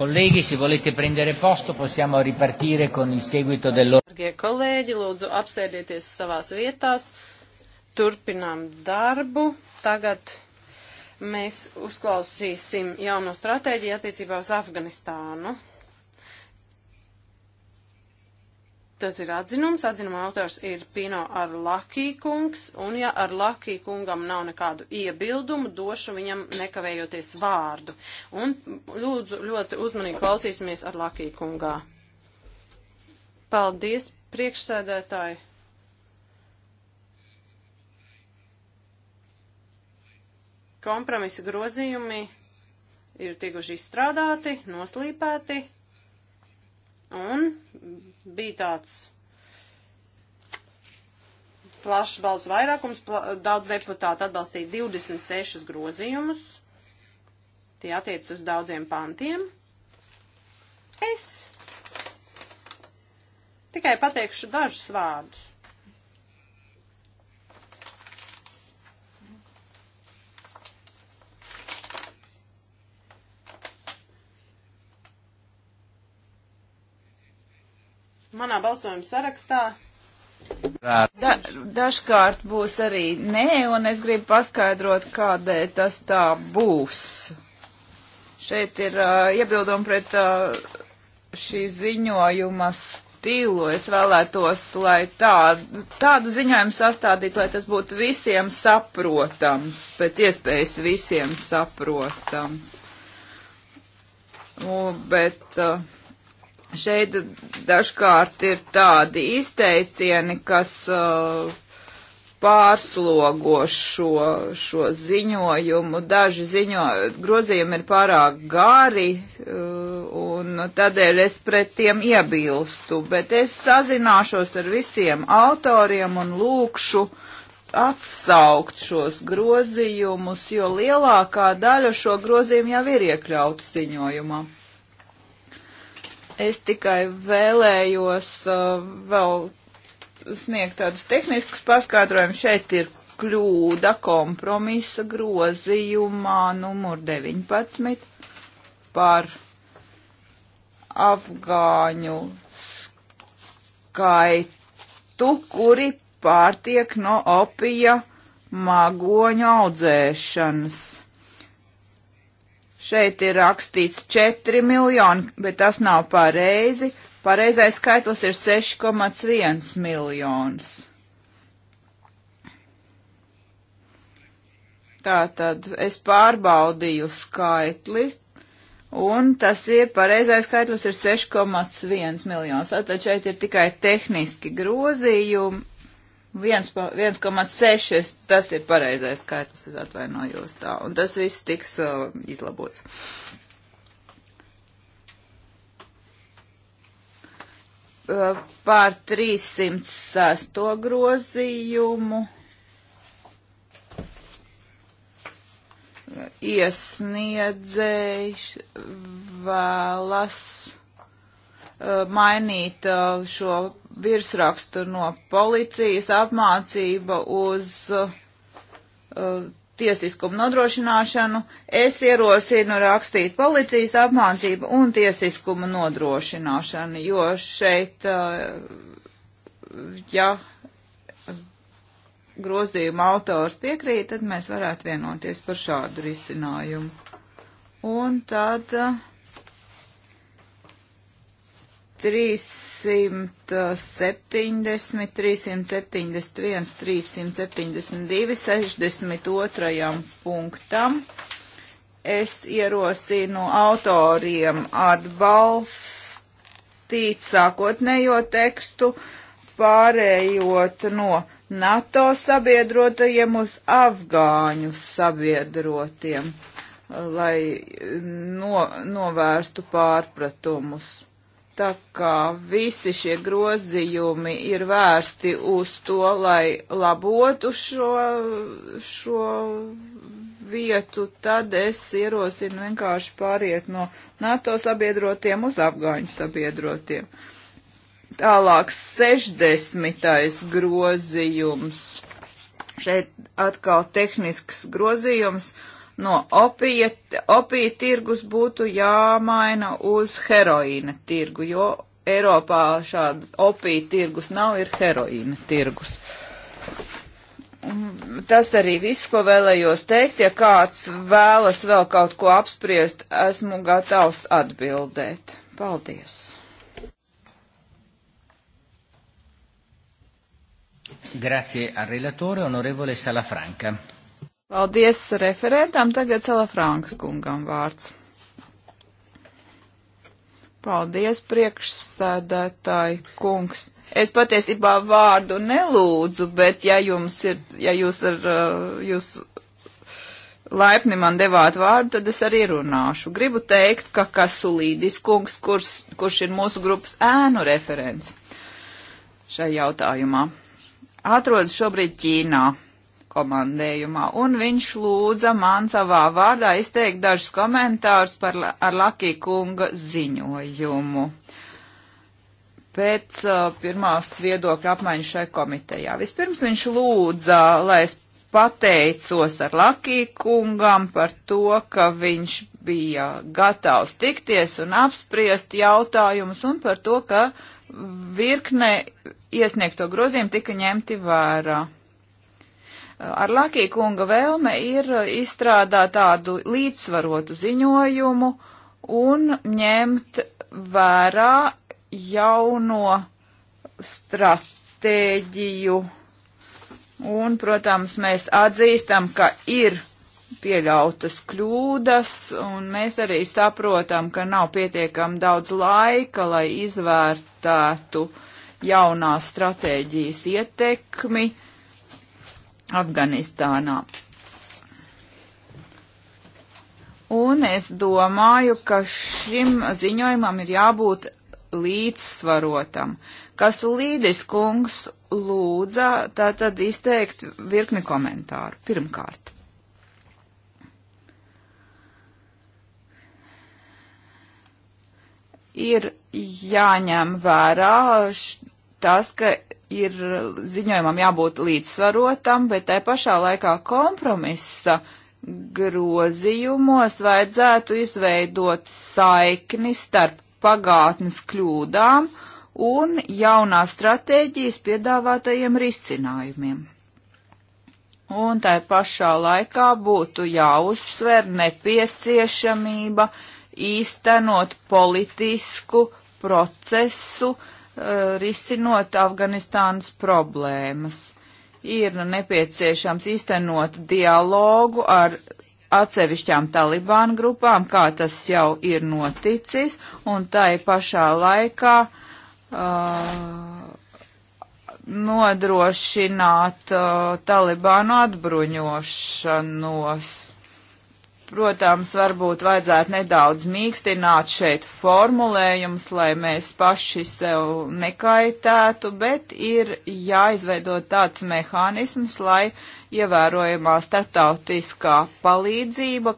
Colleghi, se volete prendere posto, possiamo ripartire con il seguito dell'ordine. Colleghi, lūdzu, apsēdieties savās vietās. Turpinām darbu. Tagad mēs uzklausīsim jauno stratēģiju attiecībā uz Afganistānu. Tas ir atzinums, atzinuma autors ir Pino ar Lakī kungs, un ja ar Lakī kungam nav nekādu iebildumu, došu viņam nekavējoties vārdu. Un lūdzu ļoti uzmanīgi klausīsimies ar Lakī kungā. Paldies, priekšsēdētāji! kompromisa grozījumi ir tikuši izstrādāti, noslīpēti, Un bija tāds plašs balsu vairākums, pla daudz deputāti atbalstīja 26 grozījumus. Tie attiec uz daudziem pantiem. Es tikai pateikšu dažus vārdus. manā balsojuma sarakstā. Da, dažkārt būs arī nē, un es gribu paskaidrot, kādēļ tas tā būs. Šeit ir uh, iebildumi pret uh, šī ziņojuma stilu. Es vēlētos, lai tā, tādu ziņojumu sastādītu, lai tas būtu visiem saprotams, pēc iespējas visiem saprotams. Nu, bet, uh, Šeit dažkārt ir tādi izteicieni, kas uh, pārslogo šo, šo ziņojumu. Daži ziņo, grozījumi ir pārāk gari, uh, un tādēļ es pret tiem iebilstu, bet es sazināšos ar visiem autoriem un lūkšu atsaukt šos grozījumus, jo lielākā daļa šo grozījumu jau ir iekļauts ziņojumā. Es tikai vēlējos uh, vēl sniegt tādus tehniskus paskaidrojumus. Šeit ir kļūda kompromisa grozījumā numur 19 par afgāņu skaitu, kuri pārtiek no opija magoņa audzēšanas. Šeit ir rakstīts 4 miljoni, bet tas nav pareizi. Pareizais skaitlis ir 6,1 miljonus. Tātad es pārbaudīju skaitli, un tas ir pareizais skaitlis ir 6,1 miljonus. Tātad šeit ir tikai tehniski grozījumi, 1,6 tas ir pareizais skaitlis, es atvainojos tā, un tas viss tiks uh, izlabots. Uh, Pār 306 grozījumu iesniedzējs vēlas Uh, mainīt uh, šo virsrakstu no policijas apmācība uz uh, tiesiskumu nodrošināšanu. Es ierosinu rakstīt policijas apmācību un tiesiskumu nodrošināšanu, jo šeit, ja grozījuma autors piekrīt, tad mēs varētu vienoties par šādu risinājumu. Un tad uh, 370, 371, 372, 62. punktam. Es ierosinu autoriem atbalstīt sākotnējo tekstu, pārējot no NATO sabiedrotajiem uz afgāņu sabiedrotiem, lai no, novērstu pārpratumus tā kā visi šie grozījumi ir vērsti uz to, lai labotu šo, šo vietu, tad es ierosinu vienkārši pāriet no NATO sabiedrotiem uz Afgāņu sabiedrotiem. Tālāk 60. grozījums. Šeit atkal tehnisks grozījums. Uh, no opija, opija tirgus būtu jāmaina uz heroīna tirgu, jo Eiropā šāda opija tirgus nav, ir heroīna tirgus. Tas arī viss, ko vēlējos teikt. Ja kāds vēlas vēl kaut ko apspriest, esmu gatavs atbildēt. Paldies! Grazie al relatore, onorevole Salafranca. Paldies referentam, tagad Cela Franks kungam vārds. Paldies, priekšsēdētāji kungs. Es patiesībā vārdu nelūdzu, bet ja jums ir, ja jūs ar, uh, jūs laipni man devāt vārdu, tad es arī runāšu. Gribu teikt, ka Kasulīdis kungs, kurš, kurš ir mūsu grupas ēnu referents šai jautājumā, atrodas šobrīd Ķīnā komandējumā, un viņš lūdza man savā vārdā izteikt dažus komentārus par ar Lakī kunga ziņojumu. Pēc uh, pirmās viedokļa apmaiņas šai komitejā. Vispirms viņš lūdza, lai es pateicos ar Lakī kungam par to, ka viņš bija gatavs tikties un apspriest jautājumus un par to, ka virkne iesniegto grozījumu tika ņemti vērā ar Lakī kunga vēlme ir izstrādāt tādu līdzsvarotu ziņojumu un ņemt vērā jauno stratēģiju. Un, protams, mēs atzīstam, ka ir pieļautas kļūdas, un mēs arī saprotam, ka nav pietiekam daudz laika, lai izvērtētu jaunās stratēģijas ietekmi. Uh, Afganistānā. Un es domāju, ka šim ziņojumam ir jābūt līdzsvarotam. Kas līdis kungs lūdza, tā tad izteikt virkni komentāru. Pirmkārt. Ir jāņem vērā š, tas, ka ir eh, ziņojumam jābūt līdzsvarotam, bet tai pašā laikā kompromisa grozījumos vajadzētu izveidot saikni starp pagātnes kļūdām un jaunā stratēģijas piedāvātajiem risinājumiem. Un tai pašā laikā būtu jāuzsver nepieciešamība īstenot politisku procesu, uh, Eh, risinot Afganistānas problēmas. Ir nepieciešams iztenot dialogu ar atsevišķām talibānu grupām, kā tas jau ir noticis, un tai pašā laikā uh, nodrošināt uh, talibānu atbruņošanos. Protams, varbūt vajadzētu nedaudz mīkstināt šeit formulējumus, lai mēs paši sev nekaitētu, bet ir jāizveido tāds mehānisms, lai ievērojamā starptautiskā palīdzība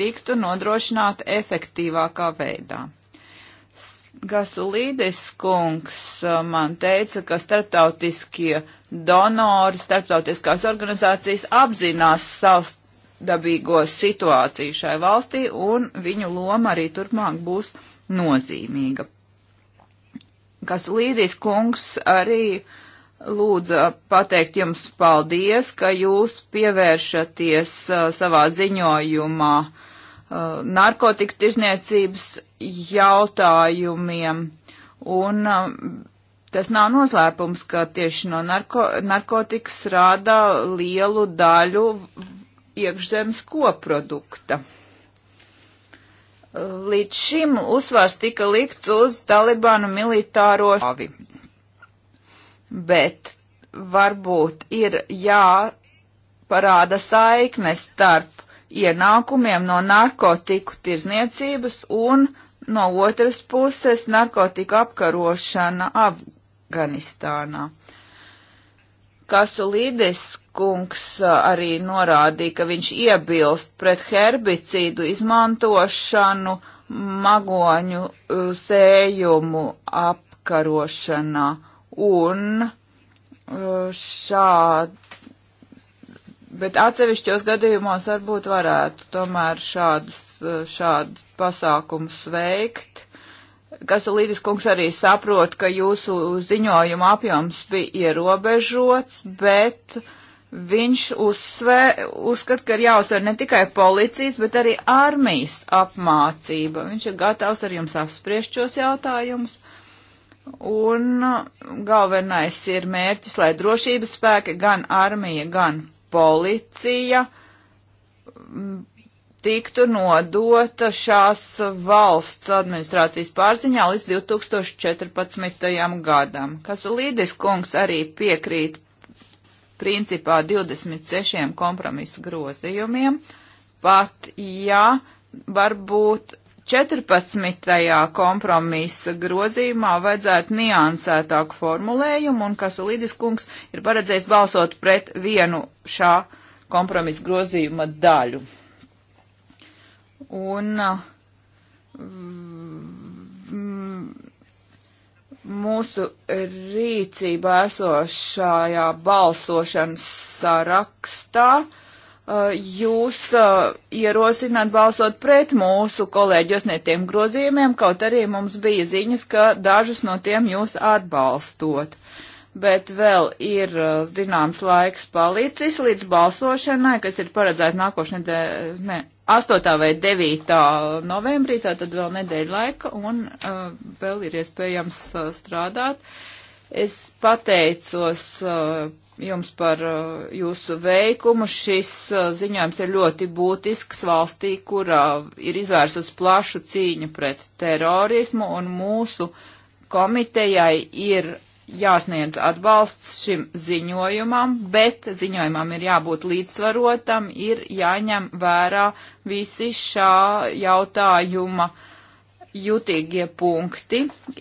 tiktu nodrošināta efektīvākā veidā. Gasulīdis kungs uh, man teica, ka starptautiskie donori, starptautiskās organizācijas apzinās savus dabīgo situāciju šai valstī, un viņu loma arī turpmāk būs nozīmīga. Kas līdīs kungs arī lūdza pateikt jums paldies, ka jūs pievēršaties uh, savā ziņojumā uh, narkotiku tirzniecības jautājumiem, un uh, Tas nav noslēpums, ka tieši no narko, narkotikas rāda lielu daļu iekšzemes koprodukta. Līdz šim uzsvars tika likts uz Talibanu militāro šāvi, bet varbūt ir jāparāda saikne starp ienākumiem no narkotiku tirzniecības un no otras puses narkotika apkarošana Afganistānā. Kasulīdis kungs arī norādīja, ka viņš iebilst pret herbicīdu izmantošanu magoņu sējumu apkarošanā un šādi. Bet atsevišķos gadījumos varbūt varētu tomēr šādas, šādas pasākums veikt Gasolīdis kungs arī saprot, ka jūsu ziņojuma apjoms bija ierobežots, bet viņš uzsvē, uzskat, ka ir jāuzsver ne tikai policijas, bet arī armijas apmācība. Viņš ir gatavs ar jums apspriest šos jautājumus. Un galvenais ir mērķis, lai drošības spēki gan armija, gan policija tiktu nodota šās valsts administrācijas pārziņā līdz 2014. gadam. Kasulīdis kungs arī piekrīt principā 26 kompromisu grozījumiem, pat ja varbūt 14. kompromisa grozījumā vajadzētu niansētāku formulējumu, un Kasulīdis kungs ir paredzējis balsot pret vienu šā kompromisa grozījuma daļu un mm, mūsu rīcībā esošajā balsošanas sarakstā jūs ierosināt balsot pret mūsu kolēģi iesniegtiem grozījumiem, kaut arī mums bija ziņas, ka dažus no tiem jūs atbalstot. Bet vēl ir zināms laiks palicis līdz balsošanai, kas ir paredzēta nākošanai, ne, 8. vai 9. novembrī, tātad vēl nedēļa laika, un uh, vēl ir iespējams uh, strādāt. Es pateicos uh, jums par uh, jūsu veikumu. Šis uh, ziņojums ir ļoti būtisks valstī, kurā ir izvērsus plašu cīņu pret terorismu, un mūsu komitejai ir jāsniedz atbalsts šim ziņojumam, bet ziņojumam ir jābūt līdzsvarotam, ir jāņem vērā visi šā jautājuma jutīgie punkti.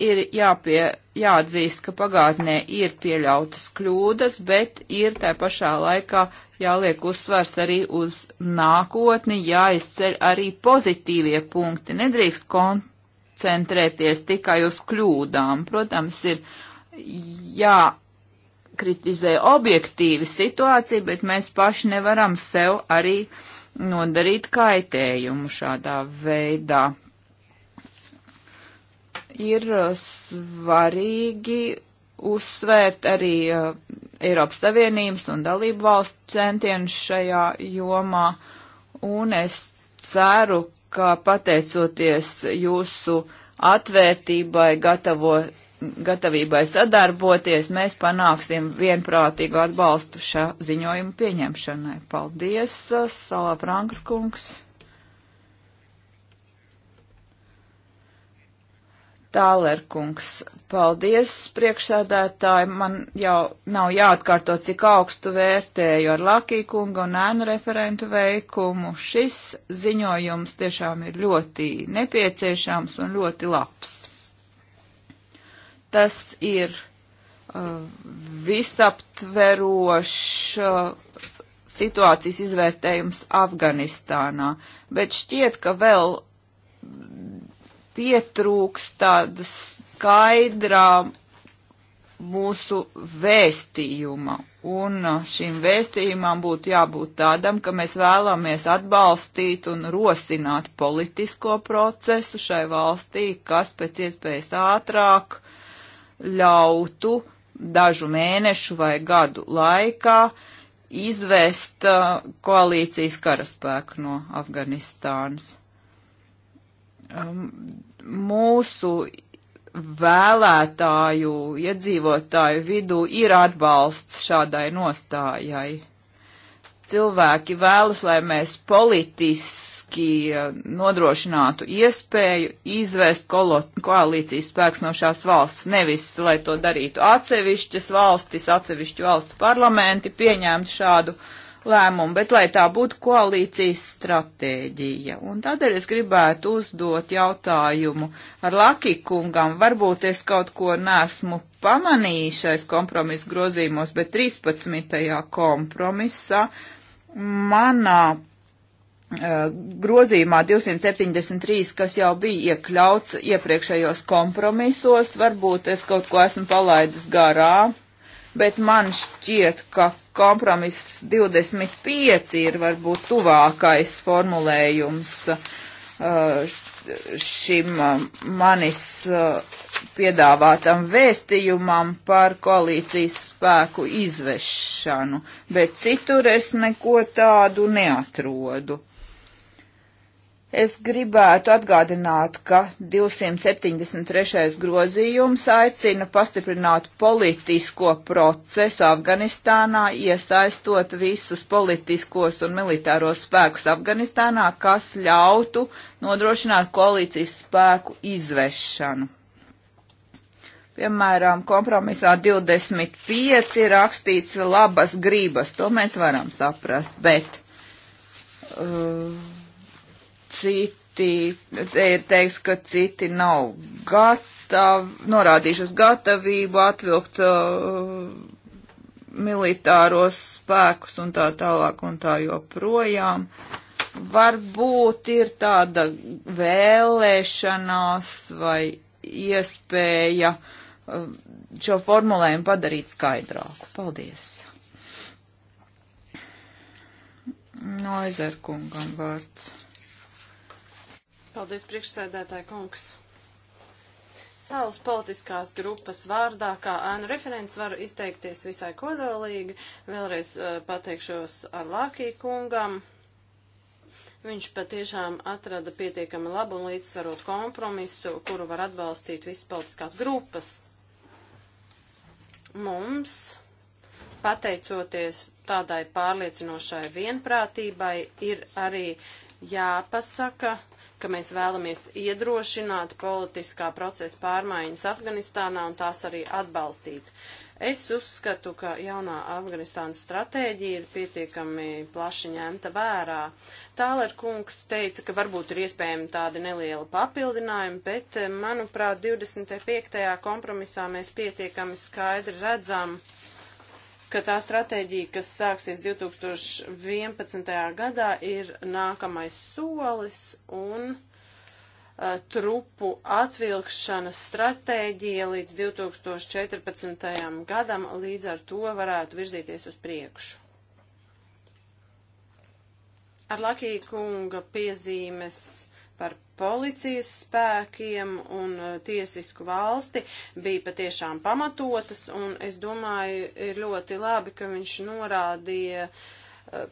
Ir jāpie, jāatzīst, ka pagātnē ir pieļautas kļūdas, bet ir tā pašā laikā jāliek uzsvars arī uz nākotni, jāizceļ arī pozitīvie punkti. Nedrīkst koncentrēties tikai uz kļūdām. Protams, ir jā, kritizē objektīvi situāciju, bet mēs paši nevaram sev arī nodarīt kaitējumu šādā veidā. Ir uh, svarīgi uzsvērt arī uh, Eiropas Savienības un dalību valstu centienus šajā jomā, un es ceru, ka pateicoties jūsu atvērtībai gatavo gatavībai sadarboties, mēs panāksim vienprātīgu atbalstu šā ziņojuma pieņemšanai. Paldies, uh, Salā Frankas kungs. Tāler kungs, paldies priekšsēdētāji, man jau nav jāatkārto, cik augstu vērtēju ar Lakī kunga un ēnu referentu veikumu. Šis ziņojums tiešām ir ļoti nepieciešams un ļoti labs. Tas ir uh, visaptverošs uh, situācijas izvērtējums Afganistānā, bet šķiet, ka vēl pietrūks tāda skaidrā mūsu vēstījuma. Un uh, šim vēstījumam būtu jābūt tādam, ka mēs vēlamies atbalstīt un rosināt politisko procesu šai valstī, kas pēc iespējas ātrāk ļautu dažu mēnešu vai gadu laikā izvest uh, koalīcijas karaspēku no Afganistānas. Um, mūsu vēlētāju, iedzīvotāju vidū ir atbalsts šādai nostājai. Cilvēki vēlas, lai mēs politis, politiski eh, nodrošinātu iespēju izvest koalīcijas spēks no šās valsts, nevis, lai to darītu atsevišķas valstis, atsevišķu valstu parlamenti, pieņemtu šādu lēmumu, bet lai tā būtu koalīcijas stratēģija. Un tādēļ es gribētu uzdot jautājumu ar Lakikungam, varbūt es kaut ko nesmu pamanījušais kompromisu grozījumos, bet 13. kompromisā manā Eh, grozījumā 273, kas jau bija iekļauts iepriekšējos kompromisos, varbūt es kaut ko esmu palaidis garā, bet man šķiet, ka kompromiss 25 ir varbūt tuvākais formulējums eh, šim eh, manis piedāvātam vēstījumam par koalīcijas spēku izvešanu, bet citur es neko tādu neatrodu. Es gribētu atgādināt, ka 273. grozījums aicina pastiprināt politisko procesu Afganistānā, iesaistot visus politiskos un militāros spēkus Afganistānā, kas ļautu nodrošināt koalīcijas spēku izvešanu. Piemēram, kompromisā 25 ir rakstīts labas grības, to mēs varam saprast, bet. Uh, citi, te ir teiks, ka citi nav gatavi, norādījuši uz gatavību atvilkt uh, militāros spēkus un tā tālāk un tā joprojām. Varbūt ir tāda vēlēšanās vai iespēja uh, šo formulējumu padarīt skaidrāku. Paldies! Noizerkungam vārds. Paldies, priekšsēdētāji kungs. Savas politiskās grupas vārdā, kā ēnu referents, varu izteikties visai kodolīgi. Vēlreiz uh, pateikšos ar Lākī kungam. Viņš patiešām atrada pietiekami labu un līdzsvarotu kompromisu, kuru var atbalstīt visas politiskās grupas. Mums pateicoties tādai pārliecinošai vienprātībai, ir arī jāpasaka, ka mēs vēlamies iedrošināt politiskā procesa pārmaiņas Afganistānā un tās arī atbalstīt. Es uzskatu, ka jaunā Afganistānas stratēģija ir pietiekami plaši ņemta vērā. Tāler kungs teica, ka varbūt ir iespējami tādi nelieli papildinājumi, bet, manuprāt, 25. kompromisā mēs pietiekami skaidri redzam, uh, ka tā stratēģija, kas sāksies 2011. gadā, ir nākamais solis un eh, trupu atvilkšanas stratēģija līdz 2014. gadam, līdz ar to varētu virzīties uz priekšu. Ar Lakija kunga piezīmes par policijas spēkiem un uh, tiesisku valsti bija patiešām pamatotas, un es domāju, ir ļoti labi, ka viņš norādīja uh,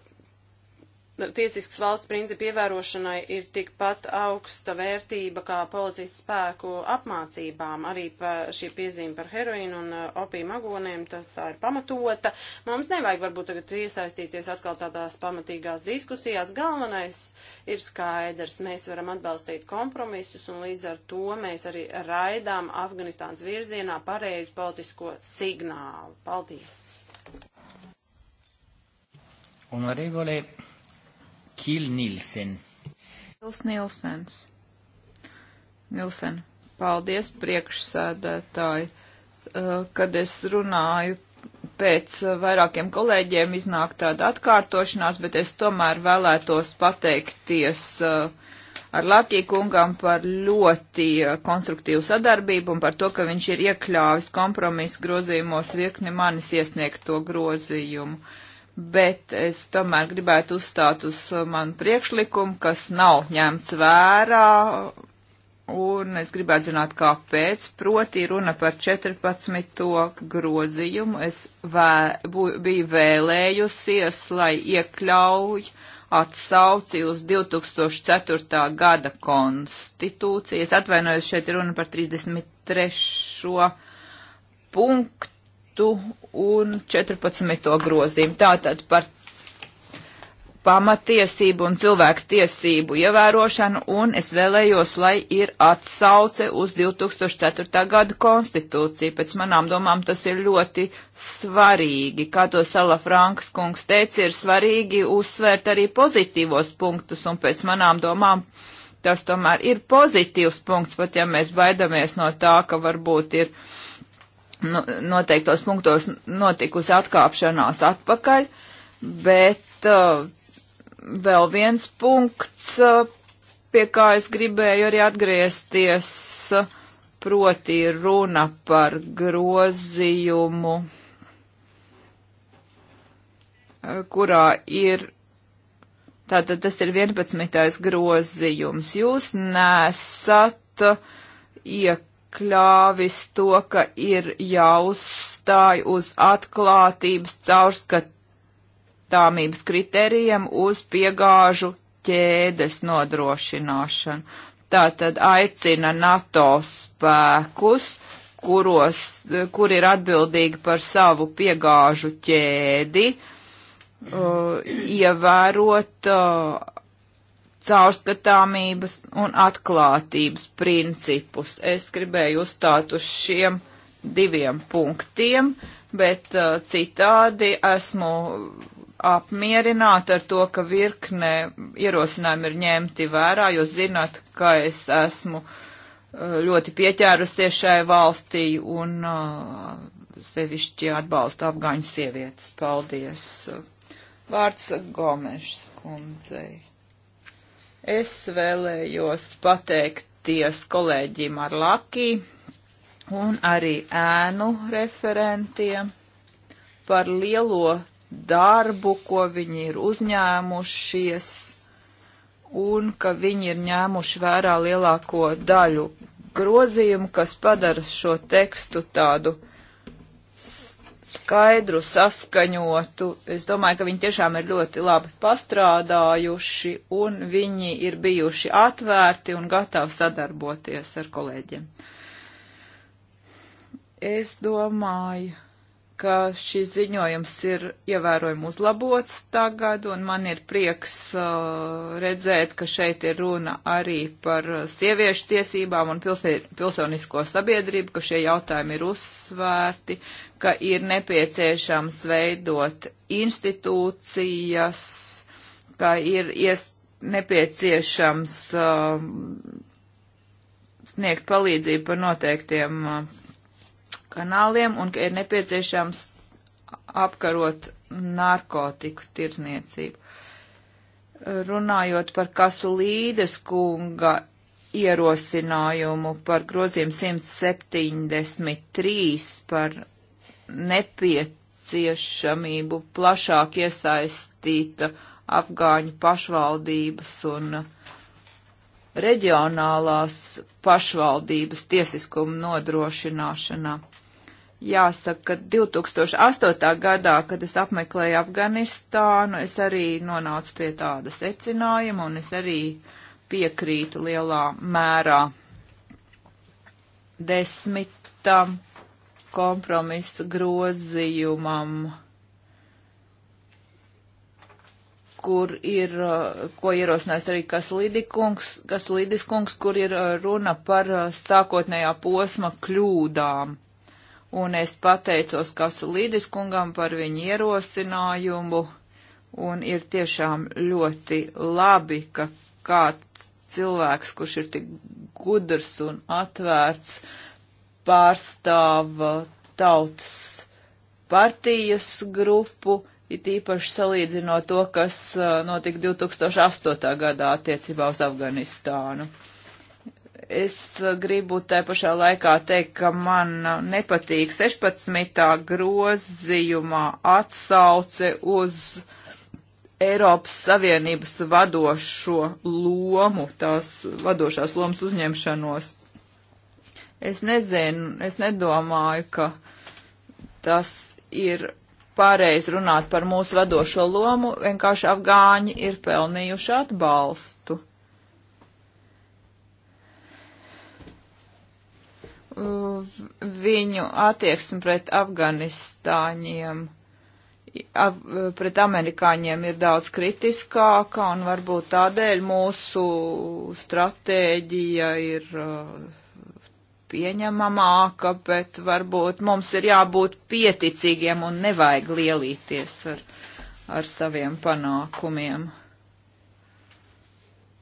tiesisks valsts principu ievērošanai ir tikpat augsta vērtība kā policijas spēku apmācībām. Arī pa šī piezīme par heroīnu un uh, opiju magoniem, tā, tā ir pamatota. Mums nevajag varbūt tagad iesaistīties atkal tādās pamatīgās diskusijās. Galvenais ir skaidrs. Mēs varam atbalstīt kompromisus un līdz ar to mēs arī raidām Afganistānas virzienā pareizu politisko signālu. Paldies! Onorevole Kil Nilsen. Kils Nilsens. Nilsen, paldies priekšsēdētāji, uh, kad es runāju pēc vairākiem kolēģiem iznāk tāda atkārtošanās, bet es tomēr vēlētos pateikties uh, ar Lakī kungam par ļoti uh, konstruktīvu sadarbību un par to, ka viņš ir iekļāvis kompromisu grozījumos virkni manis iesniegto grozījumu. Uh, bet es tomēr gribētu uzstāt uz manu priekšlikumu, kas nav ņemts vērā, un es gribētu zināt, kāpēc. Proti runa par 14. grozījumu. Es vē, bū, biju vēlējusies, lai iekļauj atsauci uz 2004. gada konstitūcijas. Atvainojos, šeit runa par 33. punktu un 14. grozījumu. Tātad par pamatiesību un cilvēku tiesību ievērošanu, un es vēlējos, lai ir atsauce uz 2004. gada konstitūciju. Pēc manām domām tas ir ļoti svarīgi. Kā to Sala Frankas kungs teica, ir svarīgi uzsvērt arī pozitīvos punktus, un pēc manām domām tas tomēr ir pozitīvs punkts, pat ja mēs baidamies no tā, ka varbūt ir Nu, noteiktos punktos notikusi atkāpšanās atpakaļ, bet uh, vēl viens punkts, uh, pie kā es gribēju arī atgriezties, uh, proti runa par grozījumu, uh, kurā ir Tātad tas ir 11. grozījums. Jūs nesat uh, iek iekļāvis to, ka ir jāuzstāj uz atklātības caurskatāmības kritērijiem uz piegāžu ķēdes nodrošināšanu. Tātad aicina NATO spēkus, kuros, kur ir atbildīgi par savu piegāžu ķēdi, uh, ievērot uh, caurskatāmības un atklātības principus. Es gribēju uzstāt uz šiem diviem punktiem, bet uh, citādi esmu apmierināta ar to, ka virkne ierosinājumi ir ņemti vērā, jo zināt, ka es esmu uh, ļoti pieķērusies šai valstī un uh, sevišķi atbalstu afgāņu sievietes. Paldies! Vārds Gomešs kundzei. Es vēlējos pateikties kolēģim ar Lakī un arī ēnu referentiem par lielo darbu, ko viņi ir uzņēmušies un ka viņi ir ņēmuši vērā lielāko daļu grozījumu, kas padara šo tekstu tādu skaidru, saskaņotu. Es domāju, ka viņi tiešām ir ļoti labi pastrādājuši un viņi ir bijuši atvērti un gatavi sadarboties ar kolēģiem. Es domāju, ka šis ziņojums ir ievērojami uzlabots tagad, un man ir prieks uh, redzēt, ka šeit ir runa arī par sieviešu tiesībām un pilsonisko sabiedrību, ka šie jautājumi ir uzsvērti, ka ir nepieciešams veidot institūcijas, ka ir ies, nepieciešams uh, sniegt palīdzību par noteiktiem uh, kanāliem un ka ir nepieciešams apkarot narkotiku tirzniecību. Runājot par Kasulīdes kunga ierosinājumu par grozījumu 173 par nepieciešamību plašāk iesaistīta afgāņu pašvaldības un reģionālās pašvaldības tiesiskuma nodrošināšanā. Jāsaka, ka 2008. gadā, kad es apmeklēju Afganistānu, es arī nonācu pie tāda secinājuma, un es arī piekrītu lielā mērā desmitam kompromisu grozījumam, kur ir, uh, ko ierosinājis arī Kaslidikungs, Kaslidiskungs, kur ir uh, runa par uh, sākotnējā posma kļūdām un es pateicos Kasu Līdis kungam par viņu ierosinājumu, un ir tiešām ļoti labi, ka kāds cilvēks, kurš ir tik gudrs un atvērts, pārstāv uh, tautas partijas grupu, it īpaši salīdzinot to, kas uh, notika 2008. gadā attiecībā uz Afganistānu. Uh, Es eh, gribu tā pašā laikā teikt, ka man eh, nepatīk 16. grozījumā atsauce uz Eiropas Savienības vadošo lomu, tās vadošās lomas uzņemšanos. Es nezinu, es nedomāju, ka tas ir pareizi runāt par mūsu vadošo lomu, vienkārši afgāņi ir pelnījuši atbalstu. viņu attieksmi pret Afganistāņiem, af, pret amerikāņiem ir daudz kritiskāka, un varbūt tādēļ mūsu stratēģija ir uh, pieņemamāka, bet varbūt mums ir jābūt pieticīgiem un nevajag lielīties ar, ar saviem panākumiem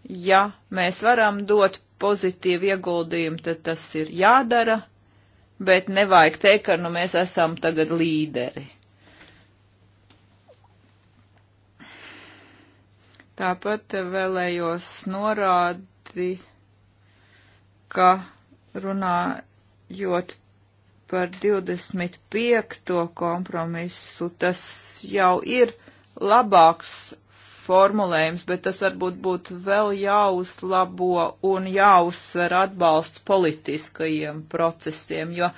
ja mēs varam dot pozitīvu ieguldījumu, tad tas ir jādara, bet nevajag teikt, ka nu, mēs esam tagad līderi. Tāpat vēlējos norādīt, ka runājot par 25. kompromisu, tas jau ir labāks formulējums, bet tas varbūt būtu vēl jāuzlabo un jāuzsver atbalsts politiskajiem procesiem, jo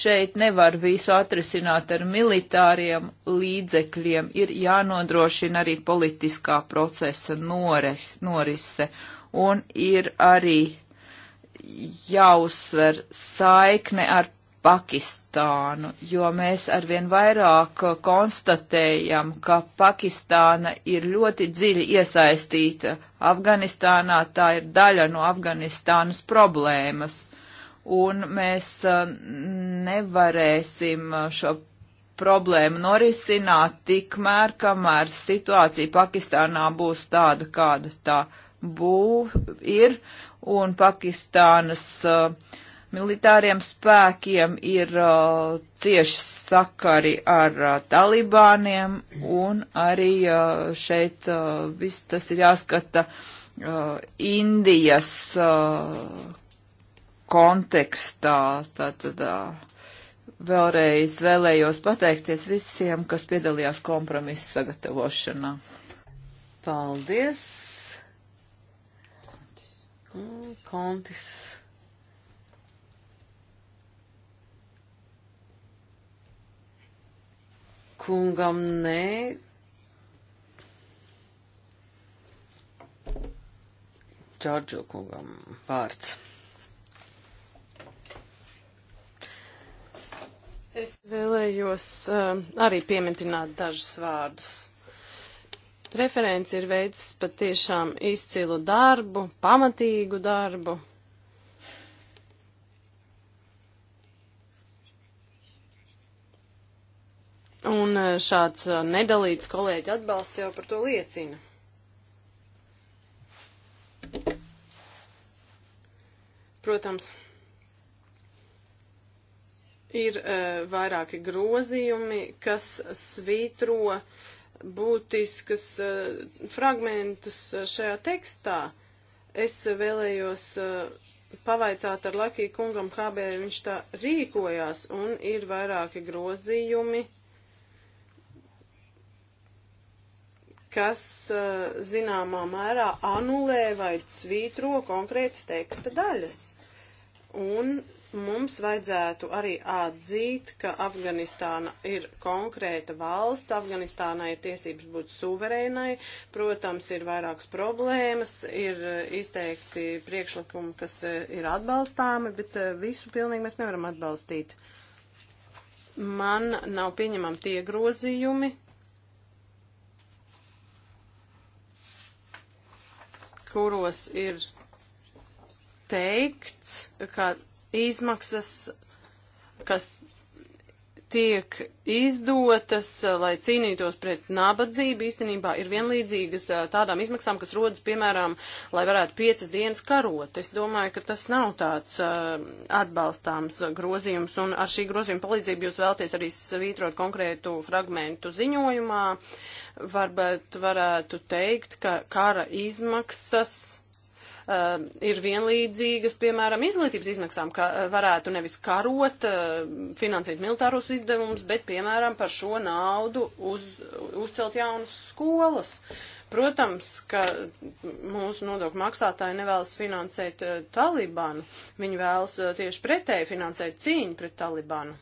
šeit nevar visu atrisināt ar militāriem līdzekļiem, ir jānodrošina arī politiskā procesa nores, norise un ir arī jāuzsver saikne ar Pakistānu, jo mēs arvien vairāk konstatējam, ka Pakistāna ir ļoti dziļi iesaistīta Afganistānā, tā ir daļa no Afganistānas problēmas, un mēs nevarēsim šo problēmu norisināt tikmēr, kamēr situācija Pakistānā būs tāda, kāda tā bū, ir, un Pakistānas uh, militāriem spēkiem ir uh, cieši sakari ar uh, talibāniem, un arī uh, šeit uh, viss tas ir jāskata uh, Indijas uh, kontekstā. Tātad, uh, Vēlreiz vēlējos pateikties visiem, kas piedalījās kompromisu sagatavošanā. Paldies! Kontis. Kontis. kungam nē. Čārģo kungam vārds. Es vēlējos uh, arī pieminēt dažus vārdus. Referents ir veids patiešām izcilu darbu, pamatīgu darbu. Un eh, šāds eh, nedalīts kolēģi atbalsts jau par to liecina. Protams, ir uh, vairāki grozījumi, kas svītro būtiskas uh, fragmentus šajā tekstā. Es vēlējos uh, pavaicāt ar Lakiju kungam, kādēļ viņš tā rīkojās, un ir vairāki grozījumi. Uh, kas eh, zināmā mērā anulē vai svītro konkrētas teksta daļas. Un mums vajadzētu arī atzīt, ka Afganistāna ir konkrēta valsts, Afganistānai ir tiesības būt suverēnai, protams, ir vairākas problēmas, ir eh, izteikti priekšlikumi, kas eh, ir atbalstāmi, bet visu pilnīgi mēs nevaram atbalstīt. Man nav pieņemam tie grozījumi, kuros ir teikts, ka izmaksas, kas tiek izdotas, eh, lai cīnītos pret nabadzību, īstenībā ir vienlīdzīgas eh, tādām izmaksām, kas rodas, piemēram, lai varētu piecas dienas karot. Es domāju, ka tas nav tāds eh, atbalstāms grozījums, un ar šī grozījuma palīdzību jūs vēlties arī svītrot konkrētu fragmentu ziņojumā. Varbūt varētu teikt, ka kara izmaksas uh, ir vienlīdzīgas, piemēram, izglītības izmaksām, ka uh, varētu nevis karot, uh, finansēt militārus izdevumus, bet, piemēram, par šo naudu uz, uzcelt jaunas skolas. Protams, ka mūsu nodokļu maksātāji nevēlas finansēt uh, Talibanu, viņi vēlas uh, tieši pretēji finansēt cīņu pret Talibanu.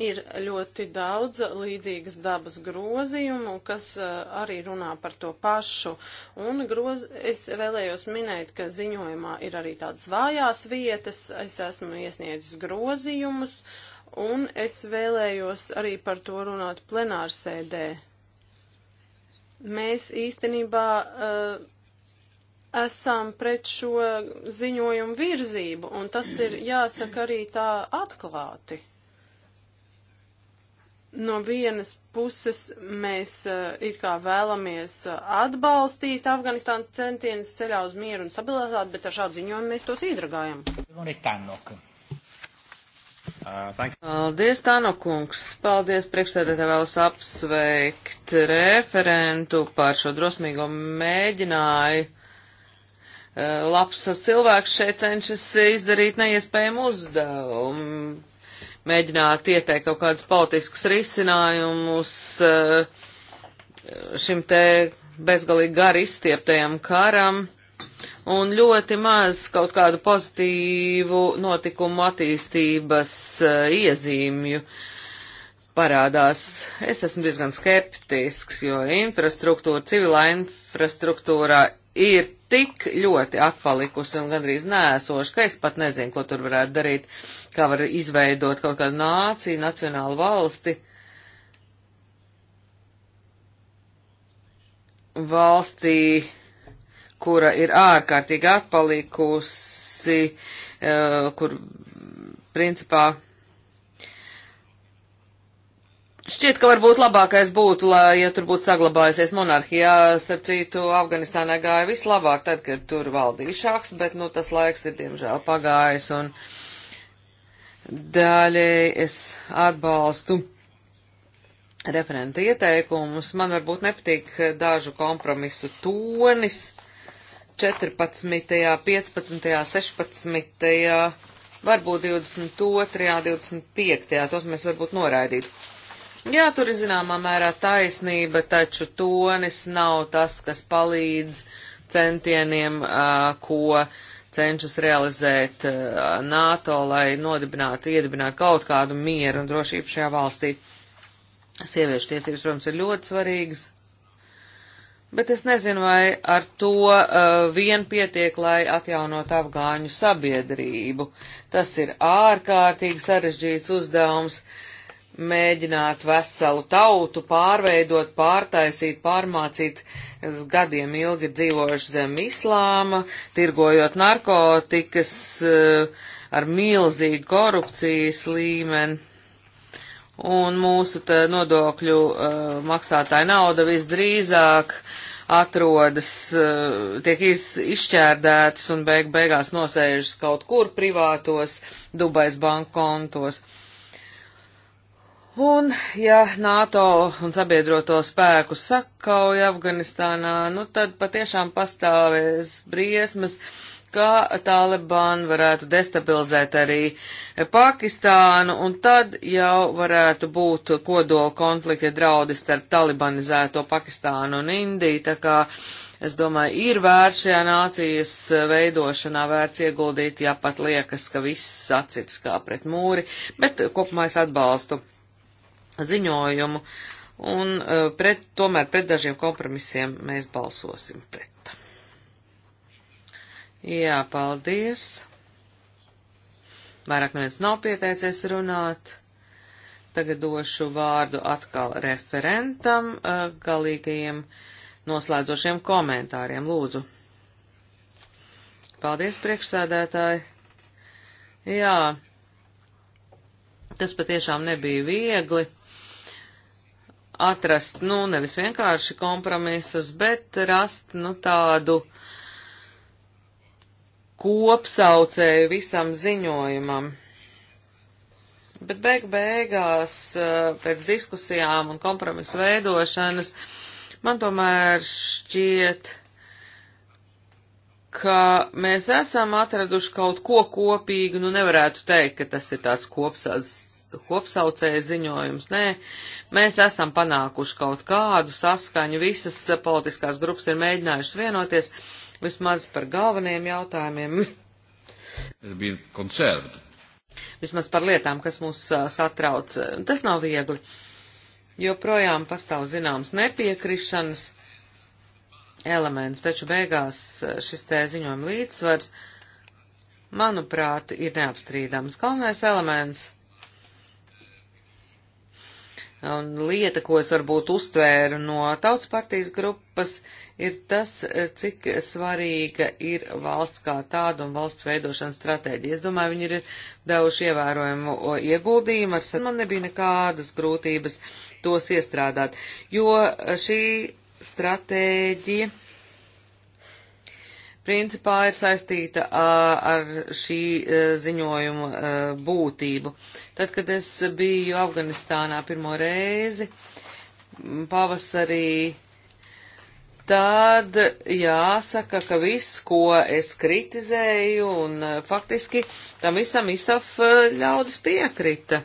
Ir ļoti daudz līdzīgas dabas grozījumu, kas eh, arī runā par to pašu. Un groz... es vēlējos minēt, ka ziņojumā ir arī tādas vājās vietas. Es esmu iesniedzis grozījumus, un es vēlējos arī par to runāt plenārsēdē. Mēs īstenībā. Uh, esam pret šo ziņojumu virzību, un tas ir jāsaka arī tā atklāti no vienas puses mēs uh, it kā vēlamies uh, atbalstīt Afganistānas centienus ceļā uz mieru un stabilitāti, bet ar šādu ziņojumu mēs tos iedragājam. Uh, Paldies, Tanokungs! Paldies, priekšsēdētāji vēlas apsveikt referentu par šo drosmīgo mēģināju. Uh, labs cilvēks šeit cenšas izdarīt neiespējamu uzdevumu mēģināt ieteikt kaut kādus politiskus risinājumus eh, šim te bezgalīgi gari izstieptajam karam un ļoti maz kaut kādu pozitīvu notikumu attīstības eh, iezīmju parādās. Es esmu diezgan skeptisks, jo infrastruktūra, civilā infrastruktūrā ir tik ļoti atpalikusi un gandrīz nēsoša, ka es pat nezinu, ko tur varētu darīt, kā var izveidot kaut kādu nāciju, nacionālu valsti. Valstī, kura ir ārkārtīgi atpalikusi, eh, kur principā Šķiet, ka varbūt labākais būtu, lai, ja tur būtu saglabājusies monarhijā, starp citu, Afganistānā gāja vislabāk tad, kad tur valdīja šāks, bet, nu, tas laiks ir, diemžēl, pagājis, un daļēji es atbalstu referenta ieteikumus. Man varbūt nepatīk dažu kompromisu tonis 14., 15., 16., varbūt 22., 25., tos mēs varbūt noraidītu. Jā, tur ir zināmā mērā taisnība, taču tonis nav tas, kas palīdz centieniem, ko cenšas realizēt NATO, lai nodibinātu, iedibinātu kaut kādu mieru un drošību šajā valstī. Sieviešu tiesības, protams, ir ļoti svarīgas, bet es nezinu, vai ar to uh, vien pietiek, lai atjaunot afgāņu sabiedrību. Tas ir ārkārtīgi sarežģīts uzdevums. Uh, mēģināt veselu tautu pārveidot, pārtaisīt, pārmācīt gadiem ilgi dzīvojuši zem islāma, tirgojot narkotikas eh, ar milzīgu korupcijas līmeni. Un mūsu nodokļu eh, maksātāja nauda visdrīzāk atrodas, eh, tiek iz, izšķērdētas un beig, beigās nosēžas kaut kur privātos Dubais banku kontos. Un, ja NATO un sabiedroto spēku sakauja Afganistānā, nu tad patiešām pastāvēs briesmas, ka Taliban varētu destabilizēt arī Pakistānu, un tad jau varētu būt kodola konflikta draudi starp talibanizēto Pakistānu un Indiju, tā kā es domāju, ir vērts šajā nācijas veidošanā vērts ieguldīt, ja pat liekas, ka viss atsits kā pret mūri, bet kopumā es atbalstu ziņojumu, un eh, pret, tomēr pret dažiem kompromisiem mēs balsosim pret. Jā, paldies. Vairāk neviens nav pieteicies runāt. Tagad došu vārdu atkal referentam, eh, galīgajiem noslēdzošiem komentāriem. Lūdzu. Paldies, priekšsēdētāji. Jā, tas patiešām nebija viegli atrast, nu, nevis vienkārši kompromisus, bet rast, nu, tādu kopsaucēju visam ziņojumam. Bet beig beigās, eh, pēc diskusijām un kompromisu veidošanas, man tomēr šķiet, ka mēs esam atraduši kaut ko kopīgu, nu nevarētu teikt, ka tas ir tāds kopsaucējs kopsaucēja ziņojums. Nē, mēs esam panākuši kaut kādu saskaņu. Visas politiskās grupas ir mēģinājušas vienoties vismaz par galveniem jautājumiem. Tas bija koncerts. Vismaz par lietām, kas mūs satrauc. Tas nav viegli. Jo projām pastāv zināms nepiekrišanas elements, taču beigās šis te ziņojuma līdzsvars manuprāt, ir neapstrīdams. Galvenais elements Un lieta, ko es varbūt uztvēru no tautas partijas grupas, ir tas, cik svarīga ir valsts kā tāda un valsts veidošanas stratēģija. Es domāju, viņi ir devuši ievērojumu ieguldījumu, ar man nebija nekādas grūtības tos iestrādāt, jo šī stratēģija principā ir saistīta ar šī ziņojuma būtību. Tad, kad es biju Afganistānā pirmo reizi, pavasarī, tad jāsaka, ka viss, ko es kritizēju, un faktiski tam visam ISAF ļaudis piekrita.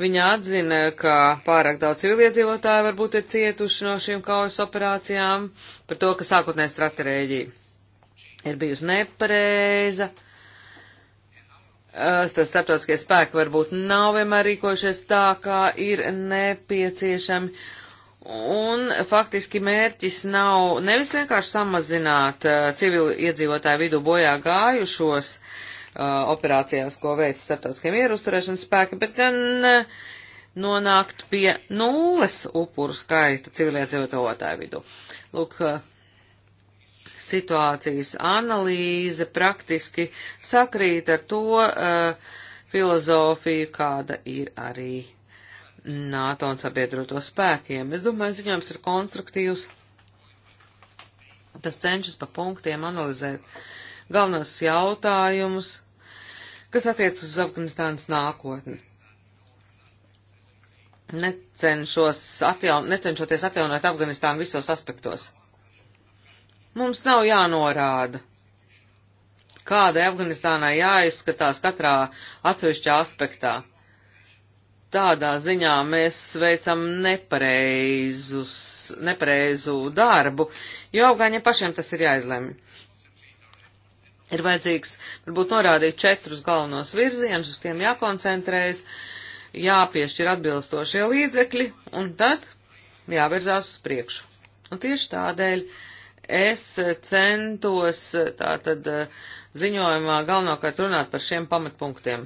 Viņa atzina, ka pārāk daudz civiliedzīvotāju varbūt ir cietuši no šīm kaujas operācijām par to, ka sākotnē stratēģija ir bijusi nepareiza. Tas starptautiskie spēki varbūt nav vienmēr rīkojušies tā, kā ir nepieciešami. Un faktiski mērķis nav nevis vienkārši samazināt uh, civilu iedzīvotāju vidū bojā gājušos uh, operācijās, ko veic starptautiskiem ierusturēšanas spēki, bet gan uh, nonākt pie nulles upuru skaita civiliedzīvotāju vidū. Lūk, uh, situācijas analīze praktiski sakrīt ar to uh, filozofiju, kāda ir arī NATO un sabiedroto spēkiem. Es domāju, ziņojums ir konstruktīvs. Tas cenšas pa punktiem analizēt galvenos jautājumus, kas attiec uz Afganistānas nākotni. Necenšos atjaun, necenšoties atjaunot Afganistānu visos aspektos. Mums nav jānorāda, kādai Afganistānai jāizskatās katrā atsevišķā aspektā. Tādā ziņā mēs veicam nepareizus, nepareizu darbu, jo Afgāņiem pašiem tas ir jāizlemj. Ir vajadzīgs, varbūt, norādīt četrus galvenos virzienus, uz tiem jākoncentrējas, jāpiešķir atbilstošie līdzekļi, un tad jāvirzās uz priekšu. Un tieši tādēļ uh, es centos tātad ziņojumā galvenokārt runāt par šiem pamatpunktiem.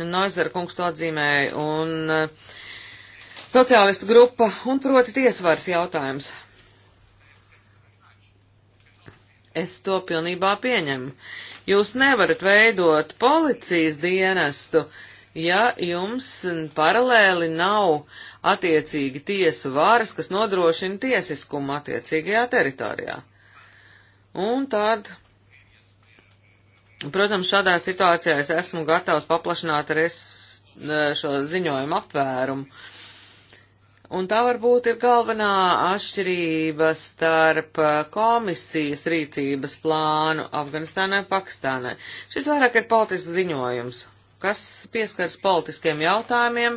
Noizara kungs to atzīmēja un eh, sociālistu grupa un proti tiesvars jautājums. Es to pilnībā pieņemu. Jūs nevarat veidot policijas dienestu, uh, ja jums paralēli nav attiecīgi tiesu vāras, kas nodrošina tiesiskumu attiecīgajā teritorijā. Un tad, protams, šādā situācijā es esmu gatavs paplašināt arī e, šo ziņojumu aptvērumu. Un tā varbūt ir galvenā atšķirība starp e, komisijas rīcības plānu Afganistānai un Pakistānai. Šis vairāk ir politisks ziņojums kas pieskaras politiskiem jautājumiem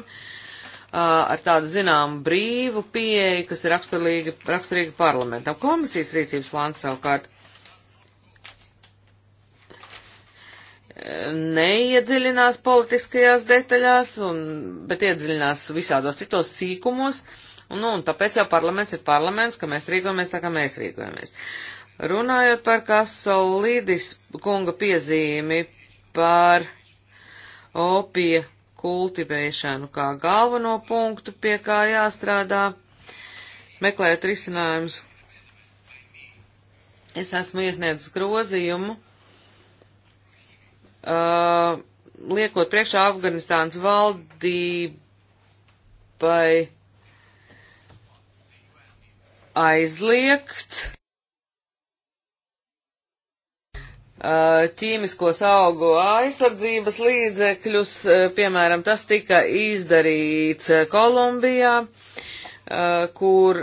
ar tādu zināmu brīvu pieeju, kas ir raksturīga parlamentam. Komisijas rīcības plāns savukārt neiedziļinās politiskajās detaļās, un, bet iedziļinās visādos citos sīkumos, un, nu, un tāpēc jau parlaments ir parlaments, ka mēs rīkojamies tā, kā mēs rīkojamies. Runājot par Kasolīdis kunga piezīmi par opija kultivēšanu kā galveno punktu, pie kā jāstrādā, meklēt risinājumus. Es esmu iesniedzis grozījumu, uh, liekot priekšā Afganistānas valdībai aizliegt Uh, ķīmiskos augu aizsardzības līdzekļus, uh, piemēram, tas tika izdarīts uh, Kolumbijā, kur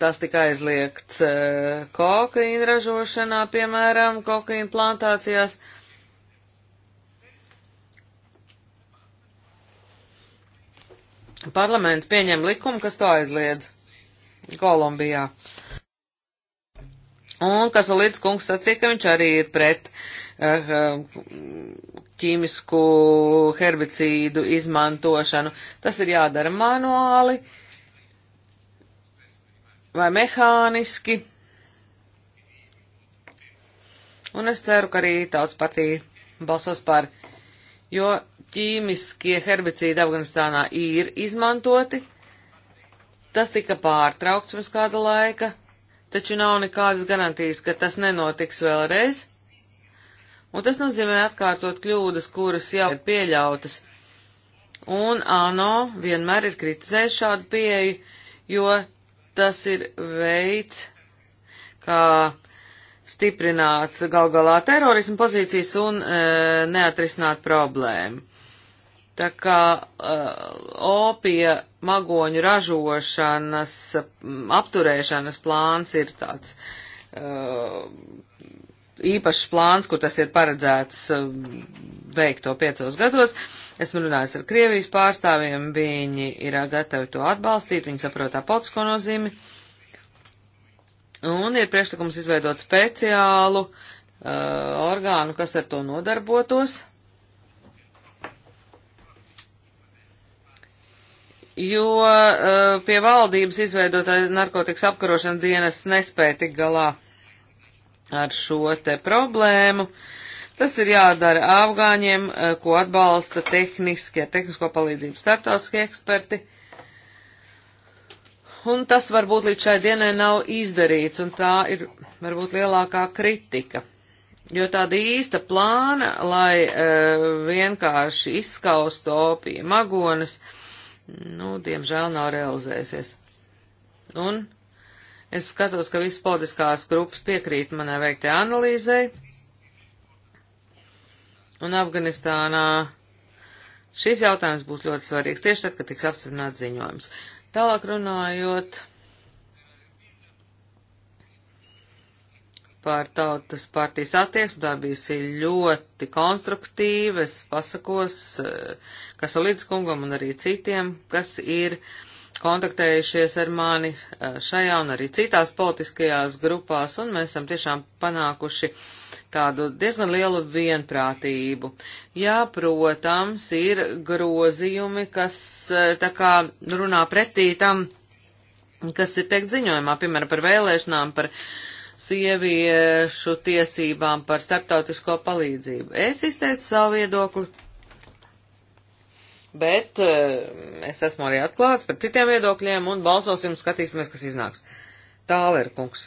tas tika aizliegts kokaīna ražošanā, piemēram, kokaīna plantācijās. Parlaments pieņem likumu, kas to aizliedz Kolumbijā. Uh, Un Kazalīts kungs sacīja, ka viņš arī ir pret eh, ķīmisku herbicīdu izmantošanu. Tas ir jādara manuāli vai mehāniski. Un es ceru, ka arī tautas partija balsos par, jo ķīmiskie herbicīdi Afganistānā ir izmantoti. Tas tika pārtraukts pirms kāda laika taču nav nekādas garantijas, ka tas nenotiks vēlreiz, un tas nozīmē atkārtot kļūdas, kuras jau ir pieļautas. Un ANO vienmēr ir kritizējis šādu pieeju, jo tas ir veids, kā stiprināt gal galā terorismu pozīcijas un e, neatrisināt problēmu. Tā kā uh, opija magoņu ražošanas mm, apturēšanas plāns ir tāds uh, īpašs plāns, kur tas ir paredzēts uh, veikt to piecos gados. Esmu runājis ar Krievijas pārstāvjiem, viņi ir uh, gatavi to atbalstīt, viņi saprot apotisko nozīmi. Un ir priekšlikums izveidot speciālu uh, orgānu, kas ar to nodarbotos. Uh, jo uh, pie valdības izveidotā narkotikas apkarošana dienas nespēja tik galā ar šo te problēmu. Tas ir jādara afgāņiem, uh, ko atbalsta tehniskie, tehnisko palīdzību starptautiskie eksperti. Un tas varbūt līdz šai dienai nav izdarīts, un tā ir varbūt lielākā kritika. Jo tāda īsta plāna, lai uh, vienkārši izskaustu opija magonas, uh, nu, diemžēl nav realizēsies. Un es skatos, ka visas politiskās grupas piekrīt manai veiktajai analīzei, un Afganistānā šis jautājums būs ļoti svarīgs tieši tad, kad tiks apstiprināts ziņojums. Tālāk runājot par tautas partijas attieksmi, tā bijusi ļoti konstruktīva, es pasakos eh, Kasolīdz kungam un arī citiem, kas ir kontaktējušies ar mani eh, šajā un arī citās politiskajās grupās, un mēs esam tiešām panākuši tādu diezgan lielu vienprātību. Jā, protams, ir grozījumi, kas eh, tā kā runā pretī tam, kas ir teikt ziņojumā, piemēram, par vēlēšanām, par uh, sieviešu tiesībām par starptautisko palīdzību. Es izteicu savu viedokli, bet eh, es esmu arī atklāts par citiem viedokļiem un balsosim, skatīsimies, kas iznāks. Tāler kungs.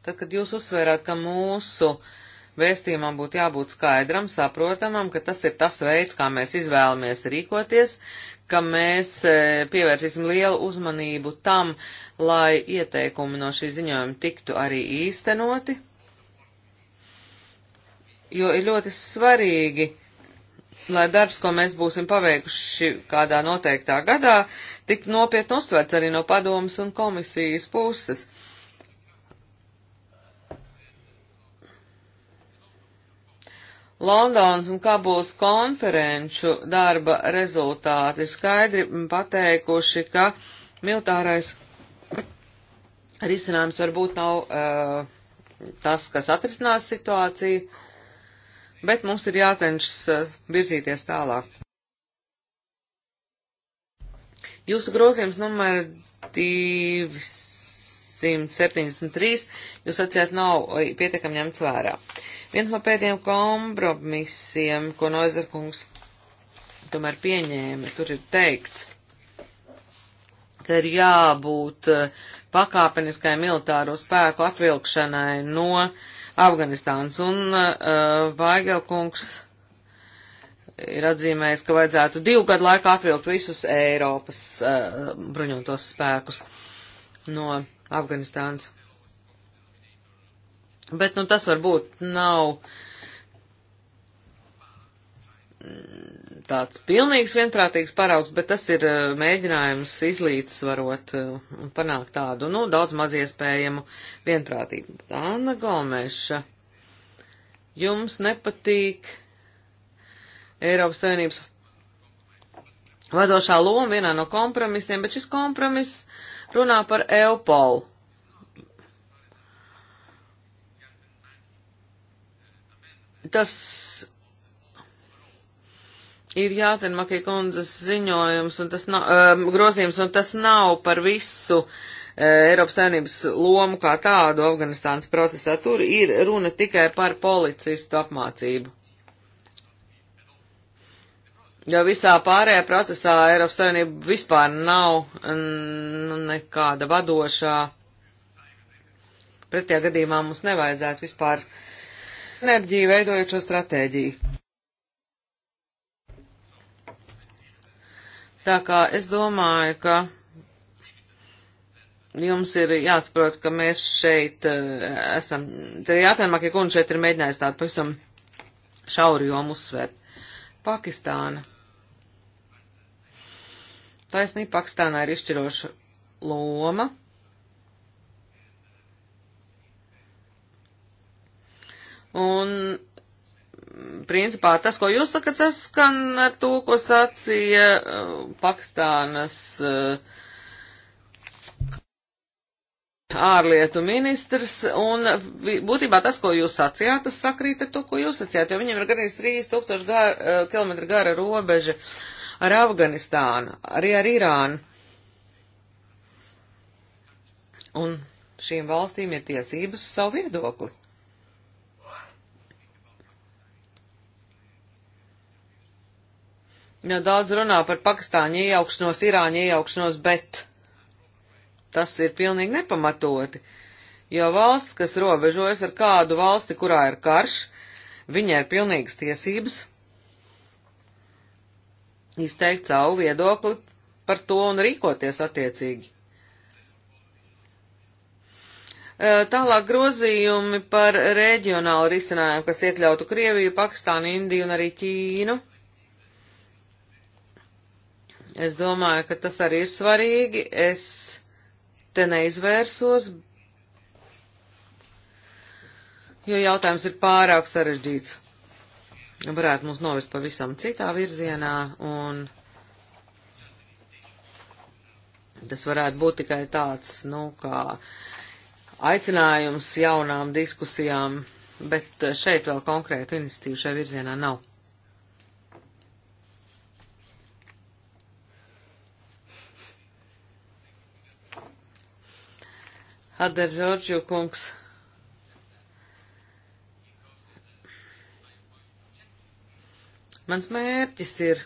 Tad, kad jūs uzsvērāt, ka mūsu vēstījumam būtu jābūt skaidram, saprotamam, ka tas ir tas veids, kā mēs izvēlamies rīkoties, ka mēs e, pievērsīsim lielu uzmanību tam, lai ieteikumi no šī ziņojuma tiktu arī īstenoti, jo ir ļoti svarīgi, lai darbs, ko mēs būsim paveikuši kādā noteiktā gadā, tik nopietni uztverts arī no padomas un komisijas puses. Londons un Kabuls konferenču darba rezultāti skaidri pateikuši, ka militārais risinājums varbūt nav uh, tas, kas atrisinās situāciju, bet mums ir jācenšas uh, virzīties tālāk. Jūsu grozījums numur divis 173, jūs sacījāt, nav pietiekami ņemts vērā. Viens no pēdējiem kompromisiem, ko Noizerkungs tomēr pieņēma, tur ir teikts, ka ir jābūt eh, pakāpeniskai militāro spēku atvilkšanai no Afganistānas, un uh, Vaigelkungs ir atzīmējis, ka vajadzētu divu gadu laikā atvilkt visus Eiropas uh, bruņotos spēkus no Afganistānas. Bet, nu, tas varbūt nav tāds pilnīgs vienprātīgs paraugs, bet tas ir eh, mēģinājums izlīdzsvarot eh, un panākt tādu, nu, daudz maz iespējamu vienprātību. Anna Gomeša, jums nepatīk Eiropas Savienības vadošā loma vienā no kompromisiem, bet šis kompromiss runā par Eupolu. Tas ir jātenmakī kundzes ziņojums un tas nav, um, grozījums, un tas nav par visu uh, Eiropas Savienības lomu kā tādu Afganistānas procesā. Tur ir runa tikai par policistu apmācību jo visā pārējā procesā Eiropas Savienība vispār nav nu, nekāda vadošā. Pretējā gadījumā mums nevajadzētu vispār enerģiju veidojušo stratēģiju. Tā kā es domāju, ka jums ir jāsaprot, ka mēs šeit uh, esam, te jātēmā, ka kundze šeit ir mēģinājis tādu pavisam šauri jomu uzsvērt. Pakistāna. Taisnība Pakistānā ir izšķiroša loma. Un, principā, tas, ko jūs sakat, saskan ar to, ko sacīja uh, Pakistānas uh, ārlietu ministrs, un būtībā tas, ko jūs sacījāt, tas sakrīt ar to, ko jūs sacījāt, jo viņiem ir gan 3000 gar, uh, km gara robeža ar Afganistānu, arī ar Irānu. Un šīm valstīm ir tiesības uz savu viedokli. Jā, ja daudz runā par Pakistāņu iejaukšanos, Irāņu iejaukšanos, bet tas ir pilnīgi nepamatoti, jo valsts, kas robežojas ar kādu valsti, kurā ir karš, viņai ir pilnīgas tiesības izteikt savu viedokli par to un rīkoties attiecīgi. Tālāk grozījumi par reģionālu risinājumu, kas iekļautu Krieviju, Pakistānu, Indiju un arī Ķīnu. Es domāju, ka tas arī ir svarīgi. Es te neizvērsos, jo jautājums ir pārāk sarežģīts varētu mums novest pavisam citā virzienā, un tas varētu būt tikai tāds, nu, kā aicinājums jaunām diskusijām, bet šeit vēl konkrētu iniciatīvu šajā virzienā nav. Adar Žorģu kungs. Mans mērķis ir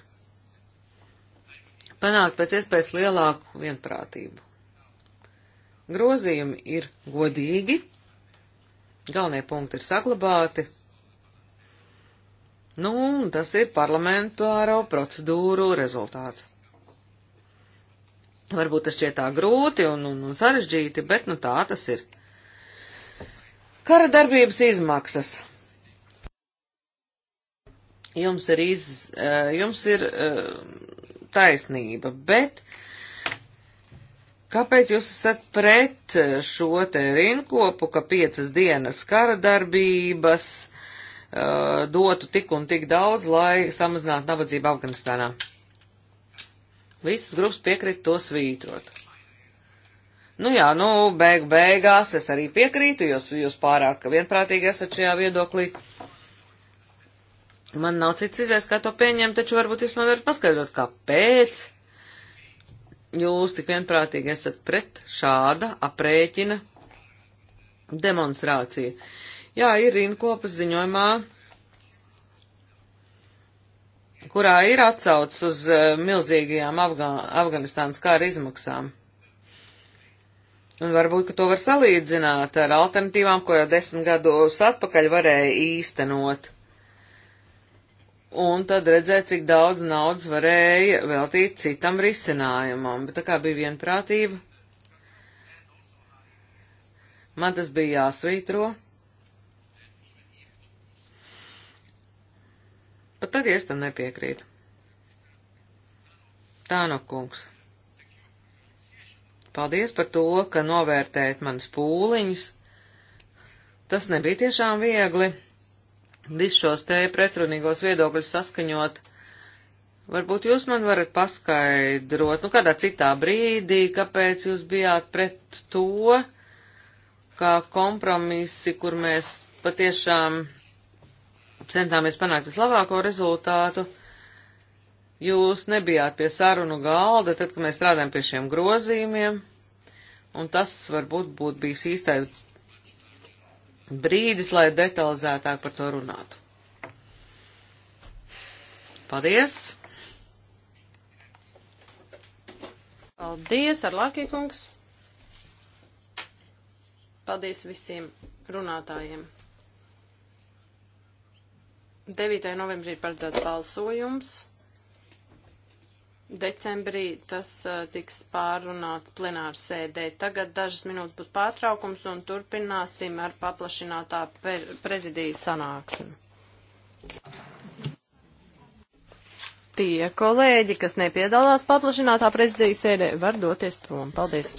panākt pēc iespējas lielāku vienprātību. Grozījumi ir godīgi, galvenie punkti ir saglabāti. Nu, un tas ir parlamentāro procedūru rezultāts. Varbūt tas šķiet tā grūti un, un, un sarežģīti, bet nu tā tas ir. Kara darbības izmaksas. Jums ir, iz, eh, jums ir eh, taisnība, bet kāpēc jūs esat pret eh, šo te rinkopu, ka piecas dienas kara darbības dotu tik un tik daudz, lai samazinātu nabadzību Afganistānā? Visas grupas piekrīt to svītrot. Nu jā, nu, beig beigās es arī piekrītu, jūs, jūs pārāk vienprātīgi esat šajā viedoklī. Uh, Man nav cits izējas, kā to pieņemt, taču varbūt jūs man varat paskaidrot, kāpēc jūs tik vienprātīgi esat pret šāda aprēķina demonstrāciju. Jā, ir rinkopas ziņojumā, kurā ir atsauc uz eh, milzīgajām Afga Afganistānas kāra izmaksām. Un varbūt, ka to var salīdzināt ar alternatīvām, ko jau desmit gados atpakaļ varēja īstenot un tad redzēt, cik daudz naudas varēja veltīt citam risinājumam. Bet tā kā bija vienprātība, man tas bija jāsvītro. Pat tad, ja es tam nepiekrītu. Tā nu, kungs. Paldies par to, ka novērtējat manas pūliņus. Tas nebija tiešām viegli visus šos te pretrunīgos viedokļus saskaņot. Varbūt jūs man varat paskaidrot, nu kādā citā brīdī, kāpēc jūs bijāt pret to, kā kompromisi, kur mēs patiešām centāmies panākt vislabāko rezultātu. Jūs nebijāt pie sarunu galda, tad, kad mēs strādājam pie šiem grozījumiem, un tas varbūt būtu bijis īstais brīdis, lai detalizētāk par to runātu. Paldies! Paldies, Arlākī kungs! Paldies visiem runātājiem! 9. novembrī ir paredzēts balsojums. Decembrī tas uh, tiks pārunāts plenāru sēdē. Tagad dažas minūtes būs pārtraukums un turpināsim ar paplašinātā pre prezidija sanāksmi. Tie kolēģi, kas nepiedalās paplašinātā prezidija sēdē, var doties prom. Paldies!